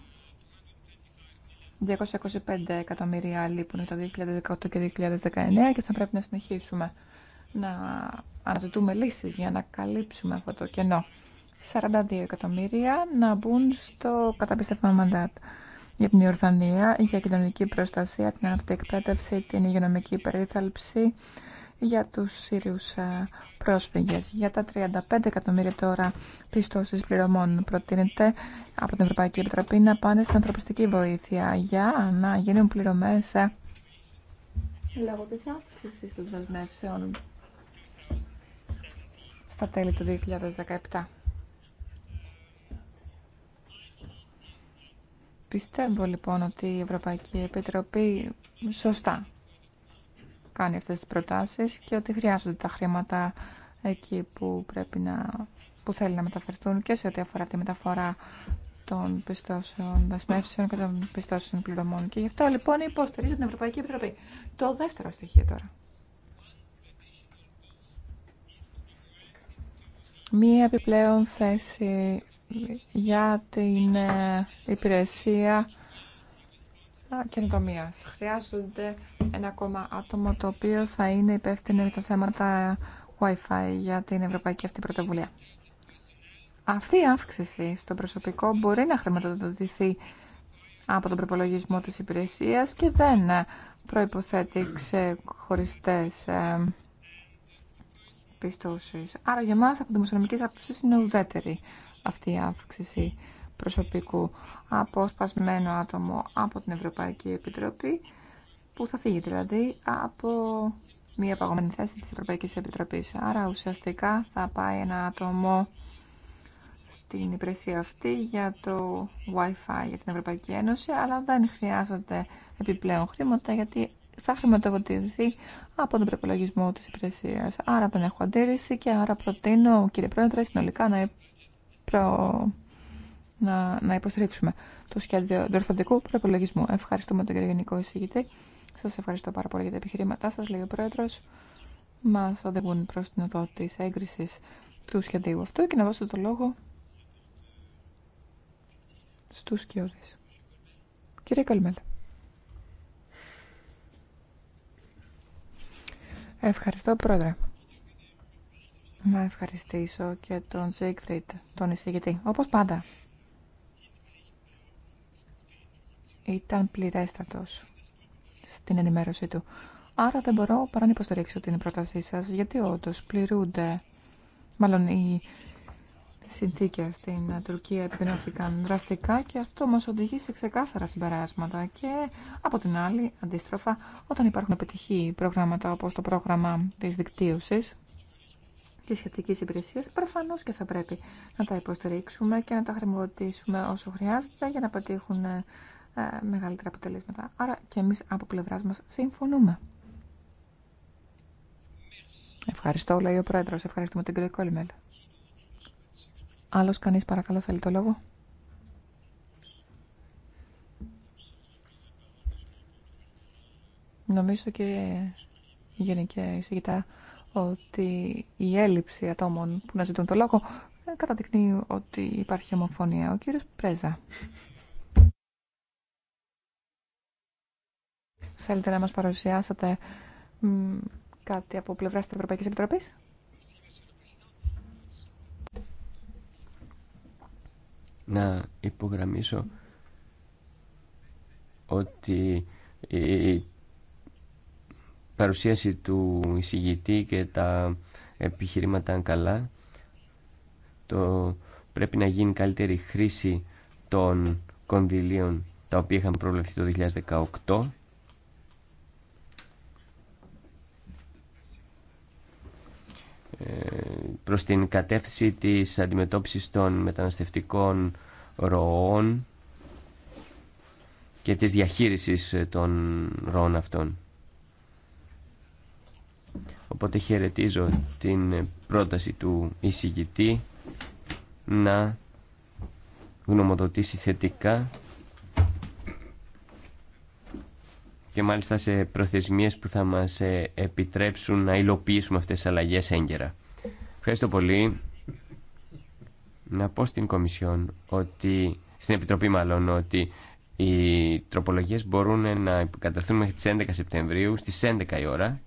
225 εκατομμύρια λείπουν το 2018 και 2019 και θα πρέπει να συνεχίσουμε να αναζητούμε λύσεις για να καλύψουμε αυτό το κενό. 42 εκατομμύρια να μπουν στο καταπιστευμένο μαντάτ για την Ιορδανία, για κοινωνική προστασία, την εκπαίδευση, την υγειονομική περίθαλψη, για τους Σύριους ε, πρόσφυγες. Για τα 35 εκατομμύρια τώρα πιστώσεις πληρωμών προτείνεται από την Ευρωπαϊκή Επιτροπή να πάνε στην ανθρωπιστική βοήθεια για να γίνουν πληρωμές ε, λόγω της αύξησης των δεσμεύσεων στα τέλη του 2017. Πιστεύω λοιπόν ότι η Ευρωπαϊκή Επιτροπή σωστά κάνει αυτές τις προτάσεις και ότι χρειάζονται τα χρήματα εκεί που, πρέπει να, που θέλει να μεταφερθούν και σε ό,τι αφορά τη μεταφορά των πιστώσεων δεσμεύσεων και των πιστώσεων πληρωμών. Και γι' αυτό λοιπόν υποστηρίζει την Ευρωπαϊκή Επιτροπή. Το δεύτερο στοιχείο τώρα. Μία επιπλέον θέση για την ε, υπηρεσία καινοτομία. Χρειάζονται ένα ακόμα άτομο το οποίο θα είναι υπεύθυνο για τα θέματα Wi-Fi για την Ευρωπαϊκή αυτή πρωτοβουλία. Αυτή η αύξηση στο προσωπικό μπορεί να χρηματοδοτηθεί από τον προπολογισμό της υπηρεσίας και δεν προϋποθέτει ξεχωριστές ε, πιστώσεις. Άρα για μας από δημοσιονομική άποψη είναι ουδέτερη αυτή η αύξηση προσωπικού από σπασμένο άτομο από την Ευρωπαϊκή Επιτροπή που θα φύγει δηλαδή από μια παγωμένη θέση της Ευρωπαϊκής Επιτροπής. Άρα ουσιαστικά θα πάει ένα άτομο στην υπηρεσία αυτή για το Wi-Fi για την Ευρωπαϊκή Ένωση, αλλά δεν χρειάζονται επιπλέον χρήματα γιατί θα χρηματοδοτηθεί από τον προπολογισμό της υπηρεσίας. Άρα δεν έχω αντίρρηση και άρα προτείνω, κύριε Πρόεδρε, συνολικά να, προ... να... να υποστηρίξουμε το σχέδιο διορθωτικού προπολογισμού. Ευχαριστούμε τον κύριο Γενικό Εισηγητή. Σα ευχαριστώ πάρα πολύ για τα επιχειρήματά σα λέει ο πρόεδρο, μα οδηγούν προ την οδό τη έγκριση του σχεδίου αυτού και να δώσω το λόγο στου σκιώδει. Κύριε Καλμέλ. Ευχαριστώ, Πρόεδρε. Να ευχαριστήσω και τον Ζίγκφριντ, τον εισηγητή, όπως πάντα. Ήταν πληρέστατος την ενημέρωσή του. Άρα δεν μπορώ παρά να υποστηρίξω την πρότασή σα γιατί όντω πληρούνται, μάλλον οι συνθήκε στην Τουρκία επιδεινώθηκαν δραστικά και αυτό μα οδηγεί σε ξεκάθαρα συμπεράσματα. Και από την άλλη, αντίστροφα, όταν υπάρχουν επιτυχή προγράμματα όπω το πρόγραμμα της δικτύωση τη σχετική υπηρεσία, προφανώ και θα πρέπει να τα υποστηρίξουμε και να τα χρηματοδοτήσουμε όσο χρειάζεται για να πετύχουν ε, μεγαλύτερα αποτελέσματα. Άρα και εμείς από πλευράς μας συμφωνούμε. Ευχαριστώ, λέει ο Πρόεδρος. Ευχαριστούμε την κύριο Κόλμελ. Άλλος κανείς παρακαλώ θέλει το λόγο. Νομίζω κύριε γενικά Εισηγητά ότι η έλλειψη ατόμων που να ζητούν το λόγο ε, καταδεικνύει ότι υπάρχει ομοφωνία. Ο κύριος Πρέζα. Θέλετε να μας παρουσιάσετε κάτι από πλευράς της Ευρωπαϊκής Επιτροπής. Να υπογραμμίσω ότι η παρουσίαση του εισηγητή και τα επιχειρήματα αν καλά το πρέπει να γίνει καλύτερη χρήση των κονδυλίων τα οποία είχαν προβλεφθεί το 2018 προς την κατεύθυνση της αντιμετώπισης των μεταναστευτικών ροών και της διαχείρισης των ροών αυτών. Οπότε χαιρετίζω την πρόταση του εισηγητή να γνωμοδοτήσει θετικά και μάλιστα σε προθεσμίες που θα μας ε, επιτρέψουν να υλοποιήσουμε αυτές τις αλλαγές έγκαιρα. Ευχαριστώ πολύ. Να πω στην ότι, στην Επιτροπή μάλλον, ότι οι τροπολογίες μπορούν να καταρθούν μέχρι τις 11 Σεπτεμβρίου, στις 11 η ώρα.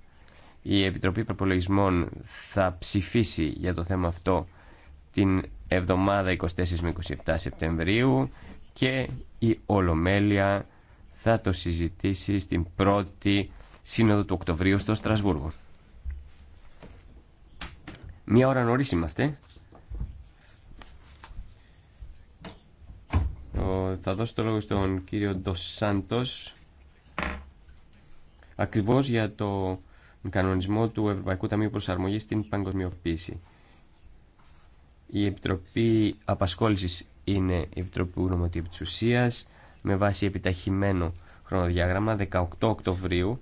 Η Επιτροπή Προπολογισμών θα ψηφίσει για το θέμα αυτό την εβδομάδα 24 με 27 Σεπτεμβρίου και η Ολομέλεια θα το συζητήσει στην πρώτη σύνοδο του Οκτωβρίου στο Στρασβούργο. Μία ώρα νωρίς είμαστε. Θα δώσω το λόγο στον κύριο Ντοσάντος ακριβώς για το κανονισμό του Ευρωπαϊκού Ταμείου Προσαρμογής στην παγκοσμιοποίηση. Η Επιτροπή Απασχόλησης είναι η Επιτροπή Ουρομοτήπης Ουσίας με βάση επιταχυμένο χρονοδιάγραμμα. 18 Οκτωβρίου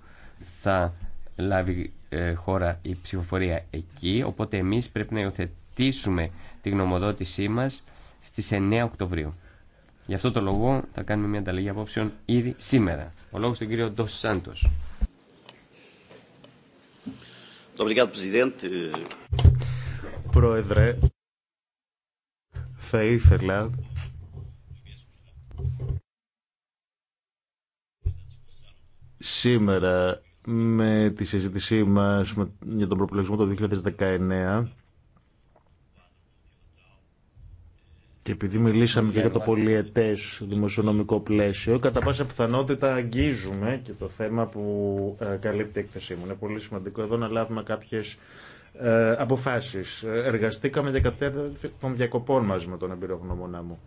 θα λάβει ε, χώρα η ψηφοφορία εκεί, οπότε εμείς πρέπει να υιοθετήσουμε τη γνωμοδότησή μας στις 9 Οκτωβρίου. Γι' αυτό το λόγο θα κάνουμε μια ανταλλαγή απόψεων ήδη σήμερα. Ο λόγος του κύριο Ντος Σάντος. Πρόεδρε, θα ήθελα Σήμερα με τη συζήτησή μας για τον προπολογισμό το 2019 και επειδή μιλήσαμε και για το πολιετές δημοσιονομικό πλαίσιο, κατά πάσα πιθανότητα αγγίζουμε και το θέμα που ε, καλύπτει η έκθεσή μου. Είναι πολύ σημαντικό εδώ να λάβουμε κάποιες ε, αποφάσεις. Εργαστήκαμε για κατεύθυνση των διακοπών μας με τον εμπειρογνώμονά μου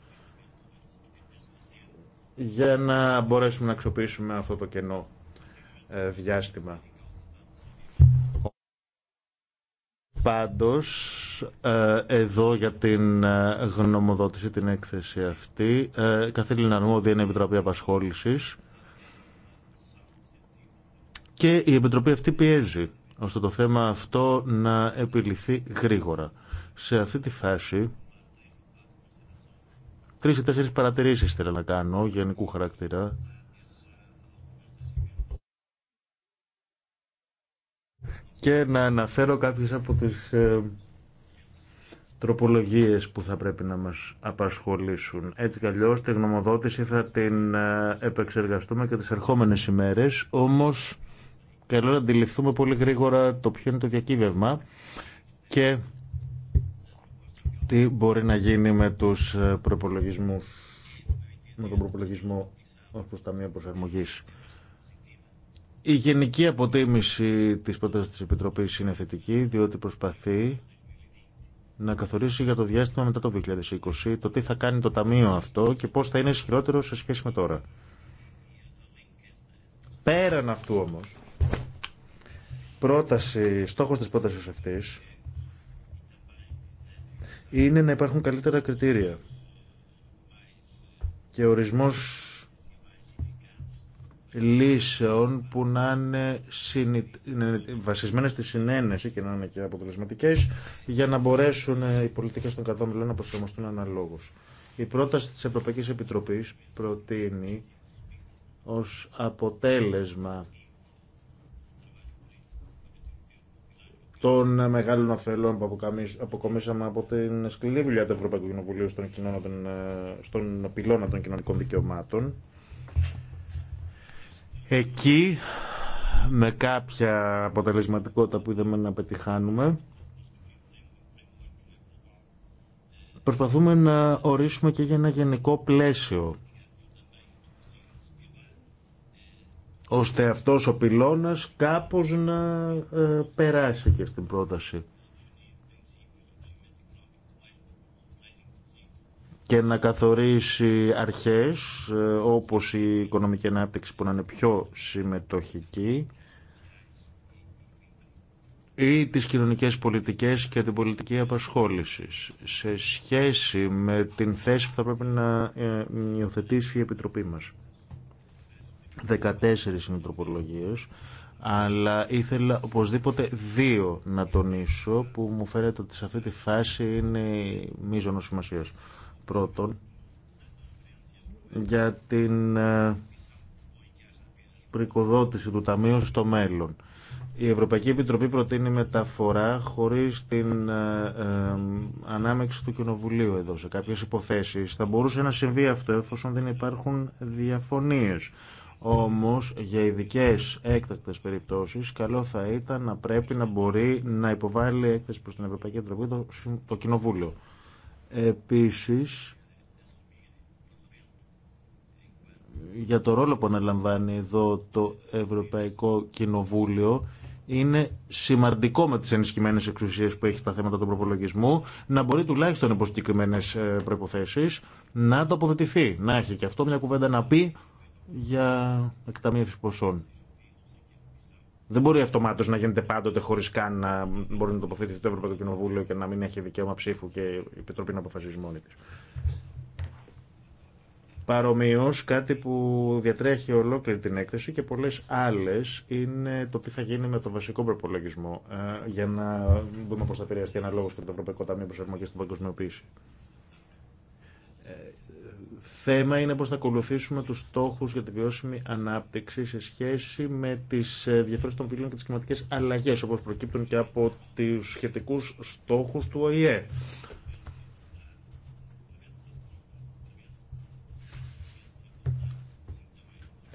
για να μπορέσουμε να αξιοποιήσουμε αυτό το κενό ε, διάστημα. Πάντως, ε, εδώ για την ε, γνωμοδότηση, την έκθεση αυτή, καθήλυνα αρμόδια είναι η Επιτροπή Απασχόλησης και η Επιτροπή αυτή πιέζει ώστε το θέμα αυτό να επιληθεί γρήγορα. Σε αυτή τη φάση, τρεις ή τέσσερις παρατηρήσεις θέλω να κάνω γενικού χαρακτήρα και να αναφέρω κάποιες από τις ε, τροπολογίες που θα πρέπει να μας απασχολήσουν. Έτσι κι τη γνωμοδότηση θα την ε, επεξεργαστούμε και τις ερχόμενες ημέρες, όμως καλό να αντιληφθούμε πολύ γρήγορα το ποιο είναι το διακύβευμα και τι μπορεί να γίνει με τους ε, προπολογισμούς, με τον προπολογισμό ως προς προσαρμογής. Η γενική αποτίμηση της πρότασης της Επιτροπής είναι θετική, διότι προσπαθεί να καθορίσει για το διάστημα μετά το 2020 το τι θα κάνει το Ταμείο αυτό και πώς θα είναι ισχυρότερο σε σχέση με τώρα. Πέραν αυτού όμως, πρόταση, στόχος της πρότασης αυτής είναι να υπάρχουν καλύτερα κριτήρια και ορισμός λύσεων που να είναι βασισμένες στη συνένεση και να είναι και αποτελεσματικές για να μπορέσουν ε, οι πολιτικές των κρατών να προσαρμοστούν αναλόγως. Η πρόταση της Ευρωπαϊκής Επιτροπής προτείνει ως αποτέλεσμα των μεγάλων αφελών που αποκομίσαμε από την σκληρή δουλειά του Ευρωπαϊκού Κοινοβουλίου στον, των, ε, στον πυλώνα των κοινωνικών δικαιωμάτων Εκεί με κάποια αποτελεσματικότητα που είδαμε να πετυχάνουμε προσπαθούμε να ορίσουμε και για ένα γενικό πλαίσιο ώστε αυτός ο πυλώνας κάπως να ε, περάσει και στην πρόταση. και να καθορίσει αρχές ε, όπως η οικονομική ανάπτυξη που να είναι πιο συμμετοχική ή τις κοινωνικές πολιτικές και την πολιτική απασχόλησης σε σχέση με την θέση που θα πρέπει να ε, υιοθετήσει η Επιτροπή μας. 14 είναι αλλά ήθελα οπωσδήποτε δύο να τονίσω που μου φαίνεται ότι σε αυτή τη φάση είναι μείζονος σημασίας. Πρώτον, για την ε, πρικοδότηση του Ταμείου στο μέλλον. Η Ευρωπαϊκή Επιτροπή προτείνει μεταφορά χωρίς την ε, ε, ανάμεξη του Κοινοβουλίου εδώ σε κάποιες υποθέσεις. Θα μπορούσε να συμβεί αυτό εφόσον δεν υπάρχουν διαφωνίες. Όμως για ειδικέ έκτακτες περιπτώσεις καλό θα ήταν να πρέπει να μπορεί να υποβάλει έκθεση προς την Ευρωπαϊκή Επιτροπή το, το Κοινοβούλιο. Επίσης, για το ρόλο που αναλαμβάνει εδώ το Ευρωπαϊκό Κοινοβούλιο, είναι σημαντικό με τις ενισχυμένε εξουσίες που έχει στα θέματα του προπολογισμού να μπορεί τουλάχιστον υπό συγκεκριμένε ε, προποθέσει να τοποθετηθεί. Να έχει και αυτό μια κουβέντα να πει για εκταμίευση ποσών. Δεν μπορεί αυτομάτω να γίνεται πάντοτε χωρί καν να μπορεί να τοποθετηθεί το Ευρωπαϊκό Κοινοβούλιο και να μην έχει δικαίωμα ψήφου και η Επιτροπή να αποφασίζει μόνη τη. Παρομοίω, κάτι που διατρέχει ολόκληρη την έκθεση και πολλέ άλλε είναι το τι θα γίνει με το βασικό προπολογισμό. Ε, για να δούμε πώ θα επηρεαστεί αναλόγω και το Ευρωπαϊκό Ταμείο Προσαρμογή στην Παγκοσμιοποίηση. Θέμα είναι πώς θα ακολουθήσουμε τους στόχους για τη βιώσιμη ανάπτυξη σε σχέση με τις ε, διαφορές των πυλών και τις κλιματικές αλλαγές, όπως προκύπτουν και από τους σχετικούς στόχους του ΟΗΕ.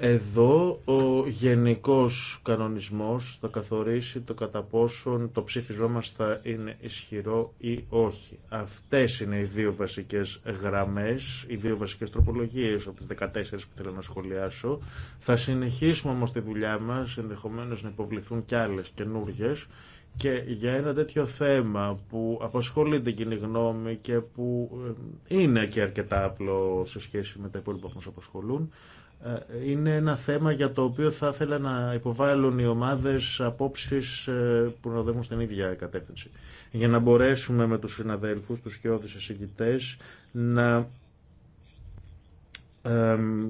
Εδώ ο γενικός κανονισμός θα καθορίσει το κατά πόσον το ψήφισμά μας θα είναι ισχυρό ή όχι. Αυτές είναι οι δύο βασικές γραμμές, οι δύο βασικές τροπολογίες από τις 14 που θέλω να σχολιάσω. Θα συνεχίσουμε όμως τη δουλειά μας, ενδεχομένως να υποβληθούν κι άλλες καινούριε. Και για ένα τέτοιο θέμα που απασχολεί την κοινή γνώμη και που ε, είναι και αρκετά απλό σε σχέση με τα υπόλοιπα που μας απασχολούν, ε, είναι ένα θέμα για το οποίο θα ήθελα να υποβάλουν οι ομάδες απόψεις ε, που να οδεύουν στην ίδια κατεύθυνση. Για να μπορέσουμε με τους συναδέλφους, τους σκιώδεις εισηγητές, να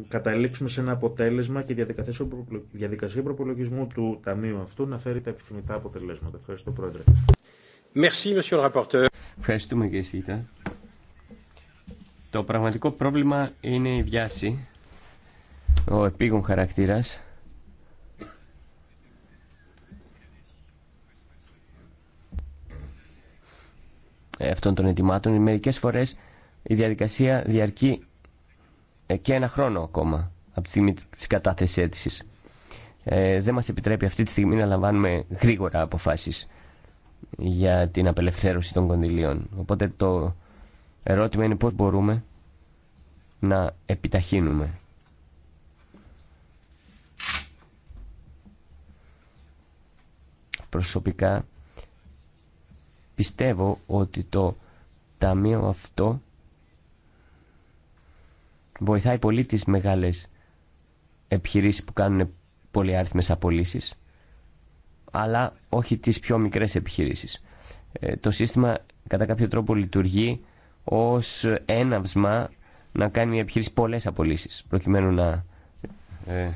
καταλήξουμε σε ένα αποτέλεσμα και διαδικασία προπολογισμού του Ταμείου αυτού να φέρει τα επιθυμητά αποτελέσματα. Ευχαριστώ, Πρόεδρε. Ευχαριστούμε, Το πραγματικό πρόβλημα είναι η βιάση ο επίγον χαρακτήρας ε, αυτών των ετοιμάτων. Μερικές φορές η διαδικασία διαρκεί ε, και ένα χρόνο ακόμα από τη στιγμή της κατάθεσης αίτησης. Ε, δεν μας επιτρέπει αυτή τη στιγμή να λαμβάνουμε γρήγορα αποφάσεις για την απελευθέρωση των κονδυλίων. Οπότε το ερώτημα είναι πώς μπορούμε να επιταχύνουμε Προσωπικά πιστεύω ότι το ταμείο αυτό βοηθάει πολύ τις μεγάλες επιχειρήσεις που κάνουν πολυάριθμες απολύσεις αλλά όχι τις πιο μικρές επιχειρήσεις. Ε, το σύστημα κατά κάποιο τρόπο λειτουργεί ως έναυσμα να κάνει μια επιχείρηση πολλές απολύσεις προκειμένου να ε,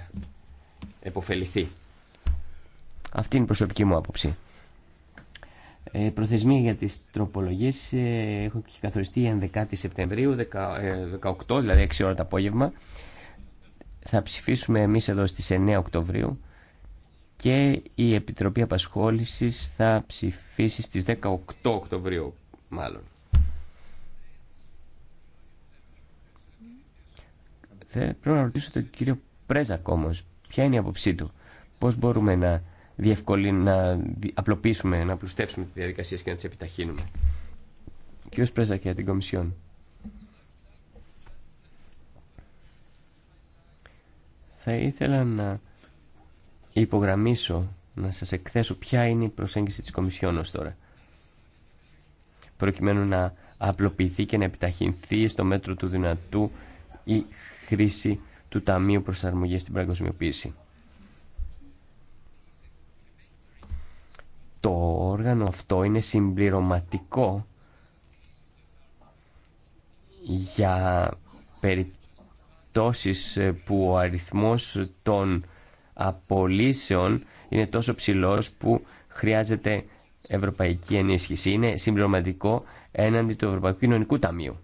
επωφεληθεί. Αυτή είναι η προσωπική μου άποψη. Ε, προθεσμία για τις τροπολογίες ε, έχουν καθοριστεί 11 Σεπτεμβρίου, 18, ε, δηλαδή 6 ώρα το απόγευμα. Θα ψηφίσουμε εμείς εδώ στις 9 Οκτωβρίου και η Επιτροπή Απασχόλησης θα ψηφίσει στις 18 Οκτωβρίου μάλλον. Πρέπει να ρωτήσω τον κύριο Πρέζακ όμως, ποια είναι η άποψή του, πώς μπορούμε να να απλοποιήσουμε, να απλουστεύσουμε τη διαδικασία και να τις επιταχύνουμε. Κύριος Πρέζα και για την Κομισιόν. Θα ήθελα να υπογραμμίσω, να σας εκθέσω ποια είναι η προσέγγιση της Κομισιόν ως τώρα. Προκειμένου να απλοποιηθεί και να επιταχυνθεί στο μέτρο του δυνατού η χρήση του Ταμείου Προσαρμογής στην Παγκοσμιοποίηση. όργανο αυτό είναι συμπληρωματικό για περιπτώσεις ε, που ο αριθμός των απολύσεων είναι τόσο ψηλός που χρειάζεται ευρωπαϊκή ενίσχυση. Είναι συμπληρωματικό έναντι του Ευρωπαϊκού Κοινωνικού Ταμείου.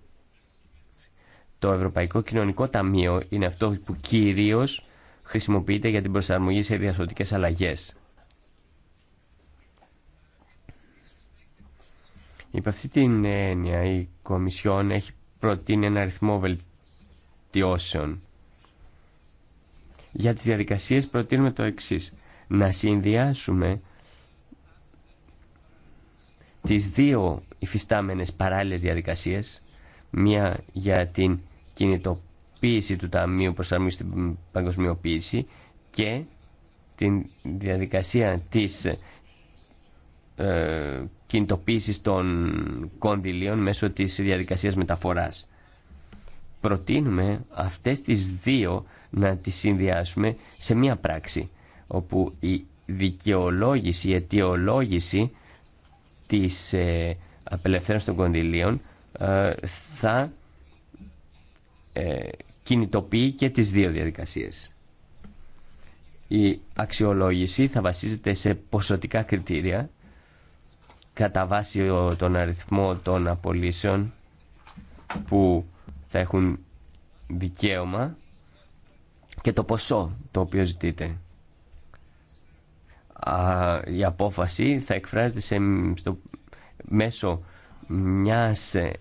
Το Ευρωπαϊκό Κοινωνικό Ταμείο είναι αυτό που κυρίως χρησιμοποιείται για την προσαρμογή σε διαστοτικές αλλαγές. Υπ' αυτή την έννοια η Κομισιόν έχει προτείνει ένα αριθμό βελτιώσεων. Για τις διαδικασίες προτείνουμε το εξής. Να συνδυάσουμε τις δύο υφιστάμενες παράλληλες διαδικασίες, μία για την κινητοποίηση του Ταμείου Προσαρμογής στην Παγκοσμιοποίηση και την διαδικασία της ε, Κινητοποίηση των κονδυλίων μέσω της διαδικασίας μεταφοράς. Προτείνουμε αυτές τις δύο να τις συνδυάσουμε σε μία πράξη, όπου η δικαιολόγηση, η αιτιολόγηση της ε, απελευθέρωσης των κονδυλίων ε, θα ε, κινητοποιεί και τις δύο διαδικασίες. Η αξιολόγηση θα βασίζεται σε ποσοτικά κριτήρια κατά βάση τον αριθμό των απολύσεων που θα έχουν δικαίωμα και το ποσό το οποίο ζητείτε. Η απόφαση θα εκφράζεται σε, στο, μέσω μιας ε,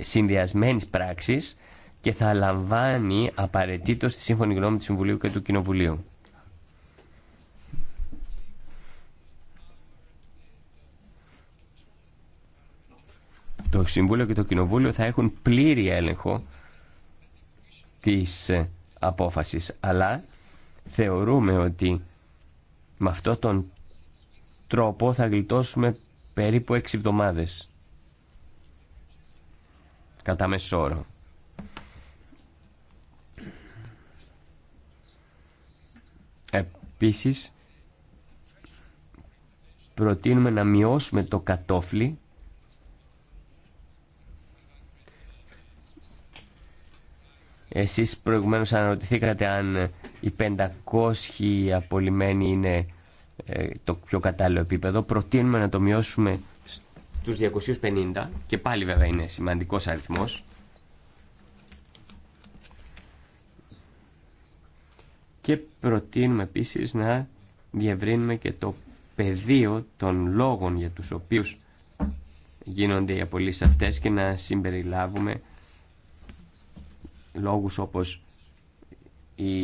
συνδυασμένης πράξης και θα λαμβάνει απαραίτητο στη σύμφωνη γνώμη του Συμβουλίου και του Κοινοβουλίου. το Συμβούλιο και το Κοινοβούλιο θα έχουν πλήρη έλεγχο της ε, απόφασης. Αλλά θεωρούμε ότι με αυτόν τον τρόπο θα γλιτώσουμε περίπου έξι εβδομάδες κατά μέσο όρο. Επίσης, προτείνουμε να μειώσουμε το κατόφλι Εσείς προηγουμένως αναρωτηθήκατε αν οι 500 απολυμμένοι είναι ε, το πιο κατάλληλο επίπεδο. Προτείνουμε να το μειώσουμε στους 250 και πάλι βέβαια είναι σημαντικός αριθμός. Και προτείνουμε επίσης να διευρύνουμε και το πεδίο των λόγων για τους οποίους γίνονται οι απολύσεις αυτές και να συμπεριλάβουμε λόγους όπως η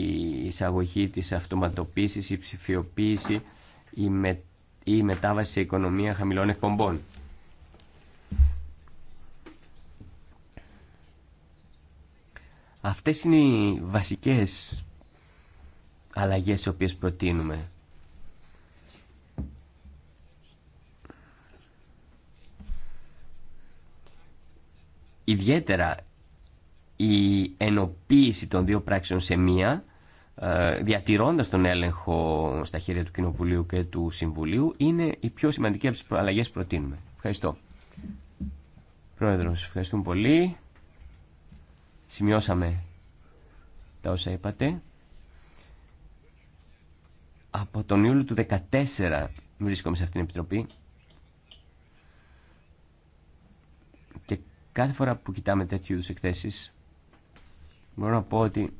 εισαγωγή της αυτοματοποίησης, η ψηφιοποίηση, η, με, η μετάβαση σε οικονομία χαμηλών εκπομπών. Αυτές είναι οι βασικές αλλαγές οι οποίες προτείνουμε. Ιδιαίτερα η ενοποίηση των δύο πράξεων σε μία, ε, διατηρώντας τον έλεγχο στα χέρια του Κοινοβουλίου και του Συμβουλίου, είναι η πιο σημαντική από τις αλλαγές που προτείνουμε. Ευχαριστώ. Πρόεδρος, ευχαριστούμε πολύ. Σημειώσαμε τα όσα είπατε. Από τον Ιούλιο του 2014 βρίσκομαι σε αυτήν την Επιτροπή και κάθε φορά που κοιτάμε τέτοιου είδους εκθέσεις μπορώ να πω ότι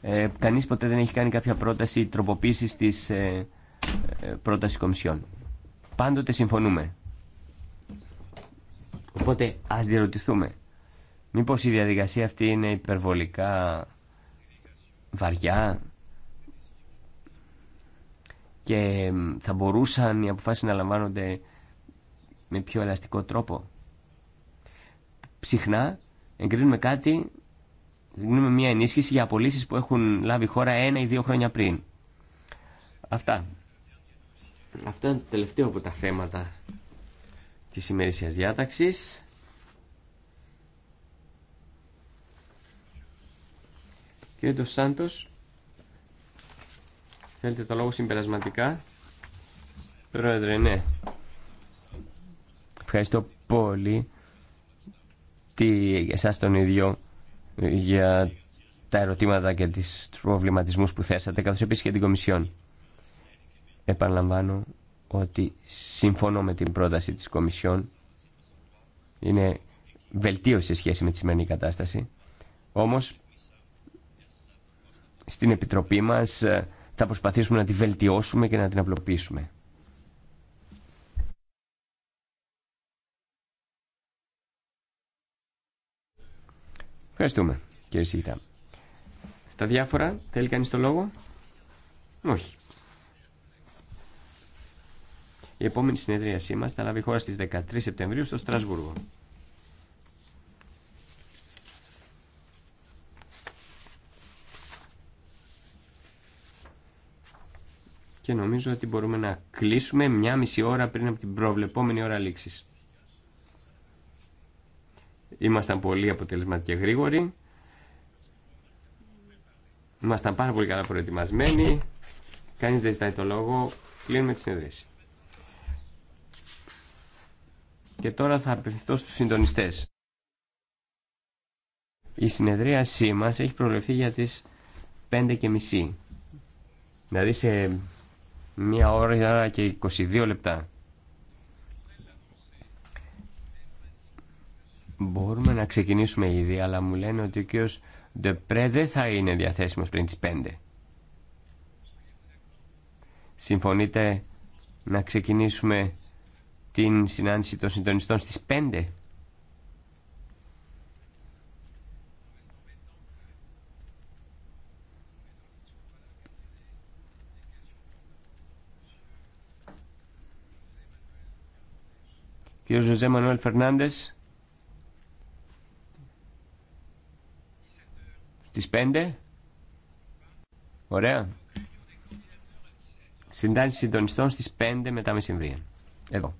ε, κανείς ποτέ δεν έχει κάνει κάποια πρόταση τροποποίησης της ε, ε κομισιών. Πάντοτε συμφωνούμε. Οπότε ας διερωτηθούμε. Μήπως η διαδικασία αυτή είναι υπερβολικά βαριά και θα μπορούσαν οι αποφάσεις να λαμβάνονται με πιο ελαστικό τρόπο ψυχνά, εγκρίνουμε κάτι, δίνουμε μια ενίσχυση για απολύσεις που έχουν λάβει χώρα ένα ή δύο χρόνια πριν. Αυτά. Αυτό είναι το τελευταίο από τα θέματα της ημερήσιας διάταξης. Κύριε Ντος Σάντος, θέλετε το λόγο συμπερασματικά. Πρόεδρε, ναι. Ευχαριστώ πολύ τι εσάς τον ίδιο για τα ερωτήματα και τις, προβληματισμούς που θέσατε, καθώς επίσης και την Κομισιόν. Επαναλαμβάνω ότι συμφωνώ με την πρόταση της Κομισιόν. Είναι βελτίωση σε σχέση με τη σημερινή κατάσταση. Όμως, στην Επιτροπή μας ε, θα προσπαθήσουμε να τη βελτιώσουμε και να την απλοποιήσουμε. Ευχαριστούμε, κύριε Σιγητά. Στα διάφορα, θέλει κανείς το λόγο? Όχι. Η επόμενη συνεδρίασή μας θα λάβει χώρα στις 13 Σεπτεμβρίου στο Στρασβούργο. Και νομίζω ότι μπορούμε να κλείσουμε μια μισή ώρα πριν από την προβλεπόμενη ώρα λήξης. Ήμασταν πολύ αποτελεσματικοί και γρήγοροι. Ήμασταν πάρα πολύ καλά προετοιμασμένοι. Κανείς δεν ζητάει το λόγο. Κλείνουμε τη συνεδρίαση. Και τώρα θα απευθυνθώ στους συντονιστές. Η συνεδρίασή μας έχει προβλεφθεί για τις 5.30. Δηλαδή σε μία ώρα και 22 λεπτά. Μπορούμε να ξεκινήσουμε ήδη, αλλά μου λένε ότι ο κ. Ντεπρέ δεν θα είναι διαθέσιμος πριν τις 5. Συμφωνείτε να ξεκινήσουμε την συνάντηση των συντονιστών στις 5. Κύριος Ζωζέ Μανουέλ Φερνάντες. Στις 5. Ωραία. συντάξει συντονιστών στις 5 μετά μεσημβρία. Εδώ.